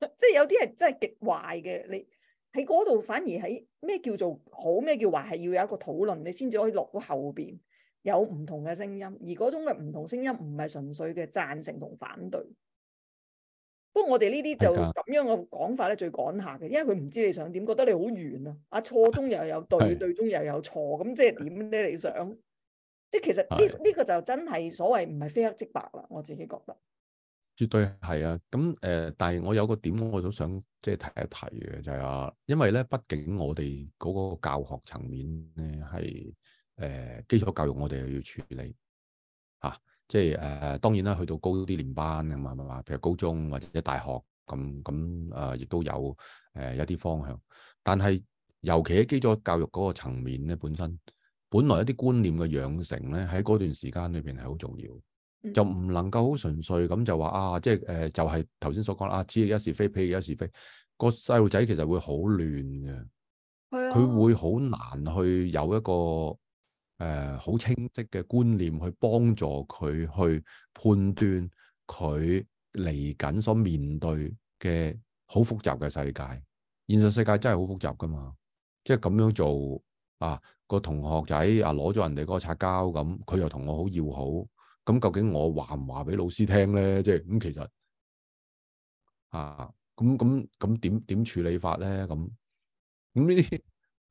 即係有啲係真係極壞嘅你。喺嗰度反而喺咩叫做好，咩叫話，係要有一個討論，你先至可以落到後邊有唔同嘅聲音，而嗰種嘅唔同聲音唔係純粹嘅贊成同反對。不過我哋呢啲就咁樣嘅講法咧，最趕下嘅，因為佢唔知你想點，覺得你好圓啊，啊錯中又有對，的對中又有錯，咁即係點咧？你想？即係其實呢、呢個就真係所謂唔係非黑即白啦，我自己覺得。絕對係啊，咁誒、呃，但係我有個點我，我都想即係提一提嘅，就係啊，因為咧，畢竟我哋嗰個教學層面咧，係誒、呃、基礎教育，我哋又要處理吓、啊，即係誒、呃，當然啦，去到高啲年班吖嘛係嘛，譬如高中或者大學咁咁誒，亦、呃、都有誒、呃、一啲方向，但係尤其喺基礎教育嗰個層面咧，本身本來一啲觀念嘅養成咧，喺嗰段時間裏邊係好重要。就唔能夠好純粹咁就話啊，即係誒、呃，就係頭先所講啦。啊，此嘅一是非，彼嘅一是非，是非嗰個細路仔其實會好亂嘅，佢、啊、會好難去有一個誒好、呃、清晰嘅觀念去幫助佢去判斷佢嚟緊所面對嘅好複雜嘅世界。現實世界真係好複雜噶嘛，即係咁樣做啊，嗰個同學仔啊攞咗人哋嗰個擦膠咁，佢又同我好要好。咁究竟我話唔話俾老師聽咧？即係咁，其實啊，咁咁咁點點處理法咧？咁咁呢啲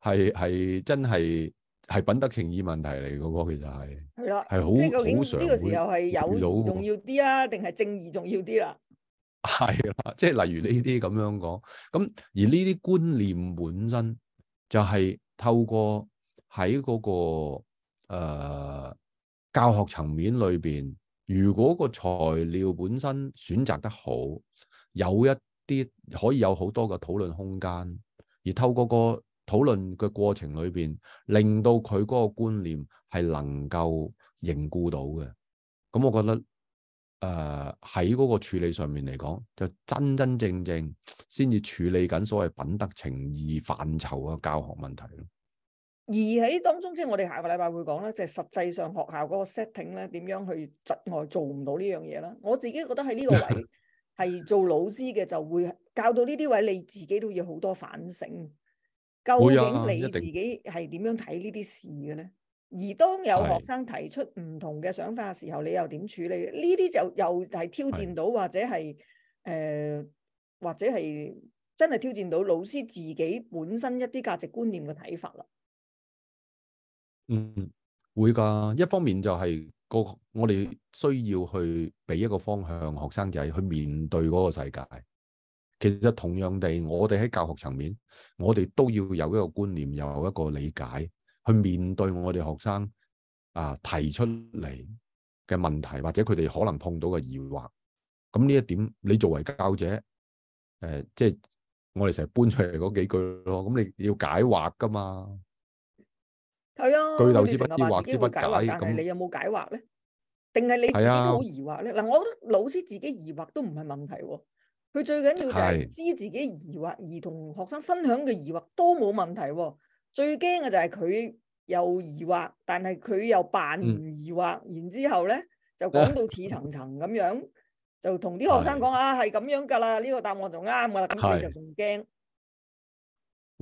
係係真係係品德情意問題嚟噶喎，其實係係啦，係好好想呢個時候係有重要啲啊，定係正義重要啲啦、啊？係啦，即、就、係、是、例如呢啲咁樣講，咁而呢啲觀念本身就係透過喺嗰、那個誒。呃教學層面裏邊，如果個材料本身選擇得好，有一啲可以有好多嘅討論空間，而透過個討論嘅過程裏邊，令到佢嗰個觀念係能夠凝固到嘅，咁我覺得誒喺嗰個處理上面嚟講，就真真正正先至處理緊所謂品德情意範疇嘅教學問題咯。而喺當中，即、就、係、是、我哋下個禮拜會講咧，就係、是、實際上學校嗰個 setting 咧，點樣去窒礙做唔到呢樣嘢啦？我自己覺得喺呢個位係 做老師嘅，就會教到呢啲位，你自己都要好多反省。究竟你自己係點樣睇呢啲事嘅咧？會啊，一定。而當有學生提出唔同嘅想法嘅時候，是你又點處理？呢啲就又係挑戰到，是或者係誒、呃，或者係真係挑戰到老師自己本身一啲價值觀念嘅睇法啦。嗯，會噶，一方面就係個我哋需要去俾一個方向學生，就係去面對嗰個世界。其實同樣地，我哋喺教學層面，我哋都要有一個觀念，又有一個理解去面對我哋學生啊，提出嚟嘅問題或者佢哋可能碰到嘅疑惑。咁呢一點，你作為教者，誒、呃，即、就、係、是、我哋成日搬出嚟嗰幾句咯。咁你要解惑噶嘛？係啊，老師成日話自己會解惑，但係你有冇解惑咧？定係你自己都好疑惑咧？嗱，我覺得老師自己疑惑都唔係問題喎。佢最緊要就係知自己疑惑，而同學生分享嘅疑惑都冇問題喎。最驚嘅就係佢又疑惑，但係佢又扮唔疑惑，然之後咧就講到似層層咁樣，就同啲學生講啊，係咁樣噶啦，呢個答案就啱噶啦，咁你就仲驚。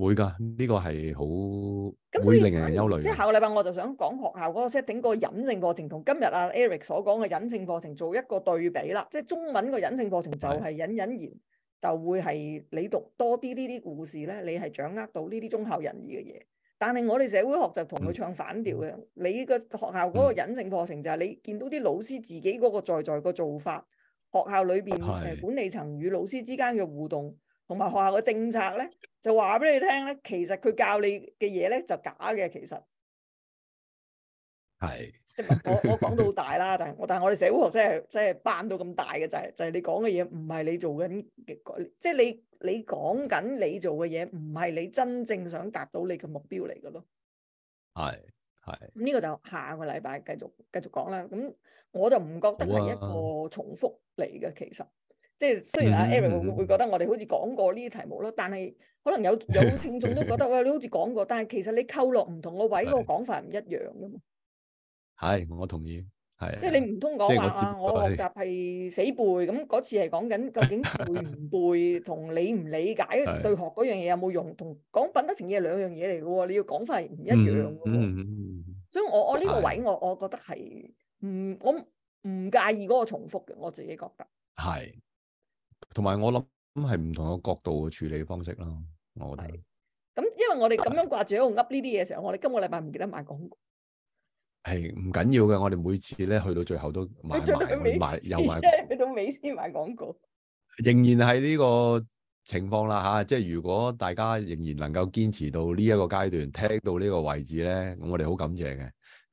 會噶，呢、這個係好會令人憂慮。即係下個禮拜我就想講學校嗰個 setting 個隱性課程，同今日阿、啊、Eric 所講嘅隱性課程做一個對比啦。即係中文個隱性課程就係隱隱然，就會係你讀多啲呢啲故事咧，你係掌握到呢啲忠孝仁義嘅嘢。但係我哋社會學就同佢唱反調嘅，嗯、你個學校嗰個隱性課程就係你見到啲老師自己嗰個在在個做法，學校裏邊誒管理層與老師之間嘅互動。同埋學校嘅政策咧，就話俾你聽咧，其實佢教你嘅嘢咧就是、假嘅，其實係即係我我講到好大啦，就是，但係我但係我哋社會學真係真係扮到咁大嘅，就係、是、就係、是、你講嘅嘢唔係你做緊嘅，即、就、係、是、你你講緊你做嘅嘢唔係你真正想達到你嘅目標嚟嘅咯。係係咁呢個就下個禮拜繼續繼續講啦。咁我就唔覺得係一個重複嚟嘅，啊、其實。即係雖然阿 Eric 會，會覺得我哋好似講過呢啲題目咯，但係可能有有聽眾都覺得喂、 哎、你好似講過，但係其實你扣落唔同位的個位個講法唔一樣㗎嘛。係，我同意。係。即係你唔通講話啊！我學習係死背咁嗰、那個、次係講緊究竟背唔背同理唔理解對學嗰樣嘢有冇用？同講品德情意兩樣嘢嚟㗎喎，你要講法係唔一樣、嗯嗯嗯嗯嗯、所以我，我按呢個位，我我覺得係唔我唔介意嗰個重複嘅，我自己覺得係。同埋我諗係唔同個角度嘅處理方式啦，我睇。咁因為我哋咁樣掛住喺度噏呢啲嘢嘅時候，我哋今個禮拜唔記得買廣告。係唔緊要嘅，我哋每次咧去到最後都買買買，又買去到尾先買廣告，仍然係呢個情況啦，吓，即係如果大家仍然能夠堅持到呢一個階段，聽到呢個位置咧，咁我哋好感謝嘅。誒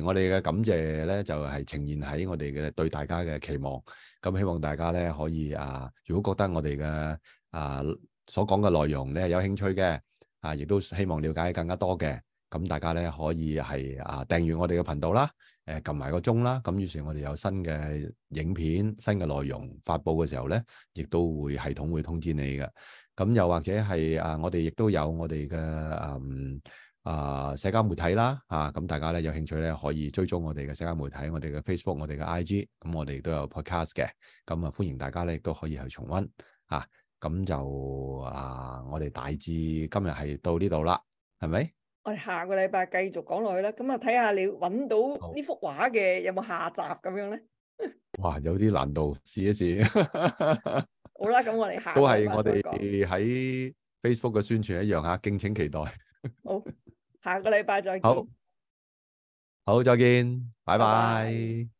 而我哋嘅感謝咧，就係、是、呈現喺我哋嘅對大家嘅期望。咁希望大家咧可以啊，如果覺得我哋嘅啊所講嘅內容你係有興趣嘅啊，亦都希望了解更加多嘅，咁大家咧可以係啊訂閲我哋嘅頻道啦，誒撳埋個鐘啦。咁於是，啊、我哋、啊啊、有新嘅影片、新嘅內容發布嘅時候咧，亦都會系統會通知你嘅。咁又或者係啊，我哋亦都有我哋嘅嗯。啊，社交媒體啦，啊，咁大家咧有興趣咧可以追蹤我哋嘅社交媒體，我哋嘅 Facebook，我哋嘅 IG，咁、嗯、我哋都有 Podcast 嘅，咁、嗯、啊歡迎大家咧亦都可以去重温，啊，咁、嗯、就啊，我哋大致今日係到呢度啦，係咪？我哋下個禮拜繼續講落去啦，咁啊睇下你揾到呢幅畫嘅好有冇下集咁樣咧？ 哇，有啲難度，試一試。 好啦，咁我哋下集都係我哋喺 Facebook 嘅宣傳一樣嚇，敬請期待。好。下個禮拜再見。好，好，再見，拜拜。拜拜。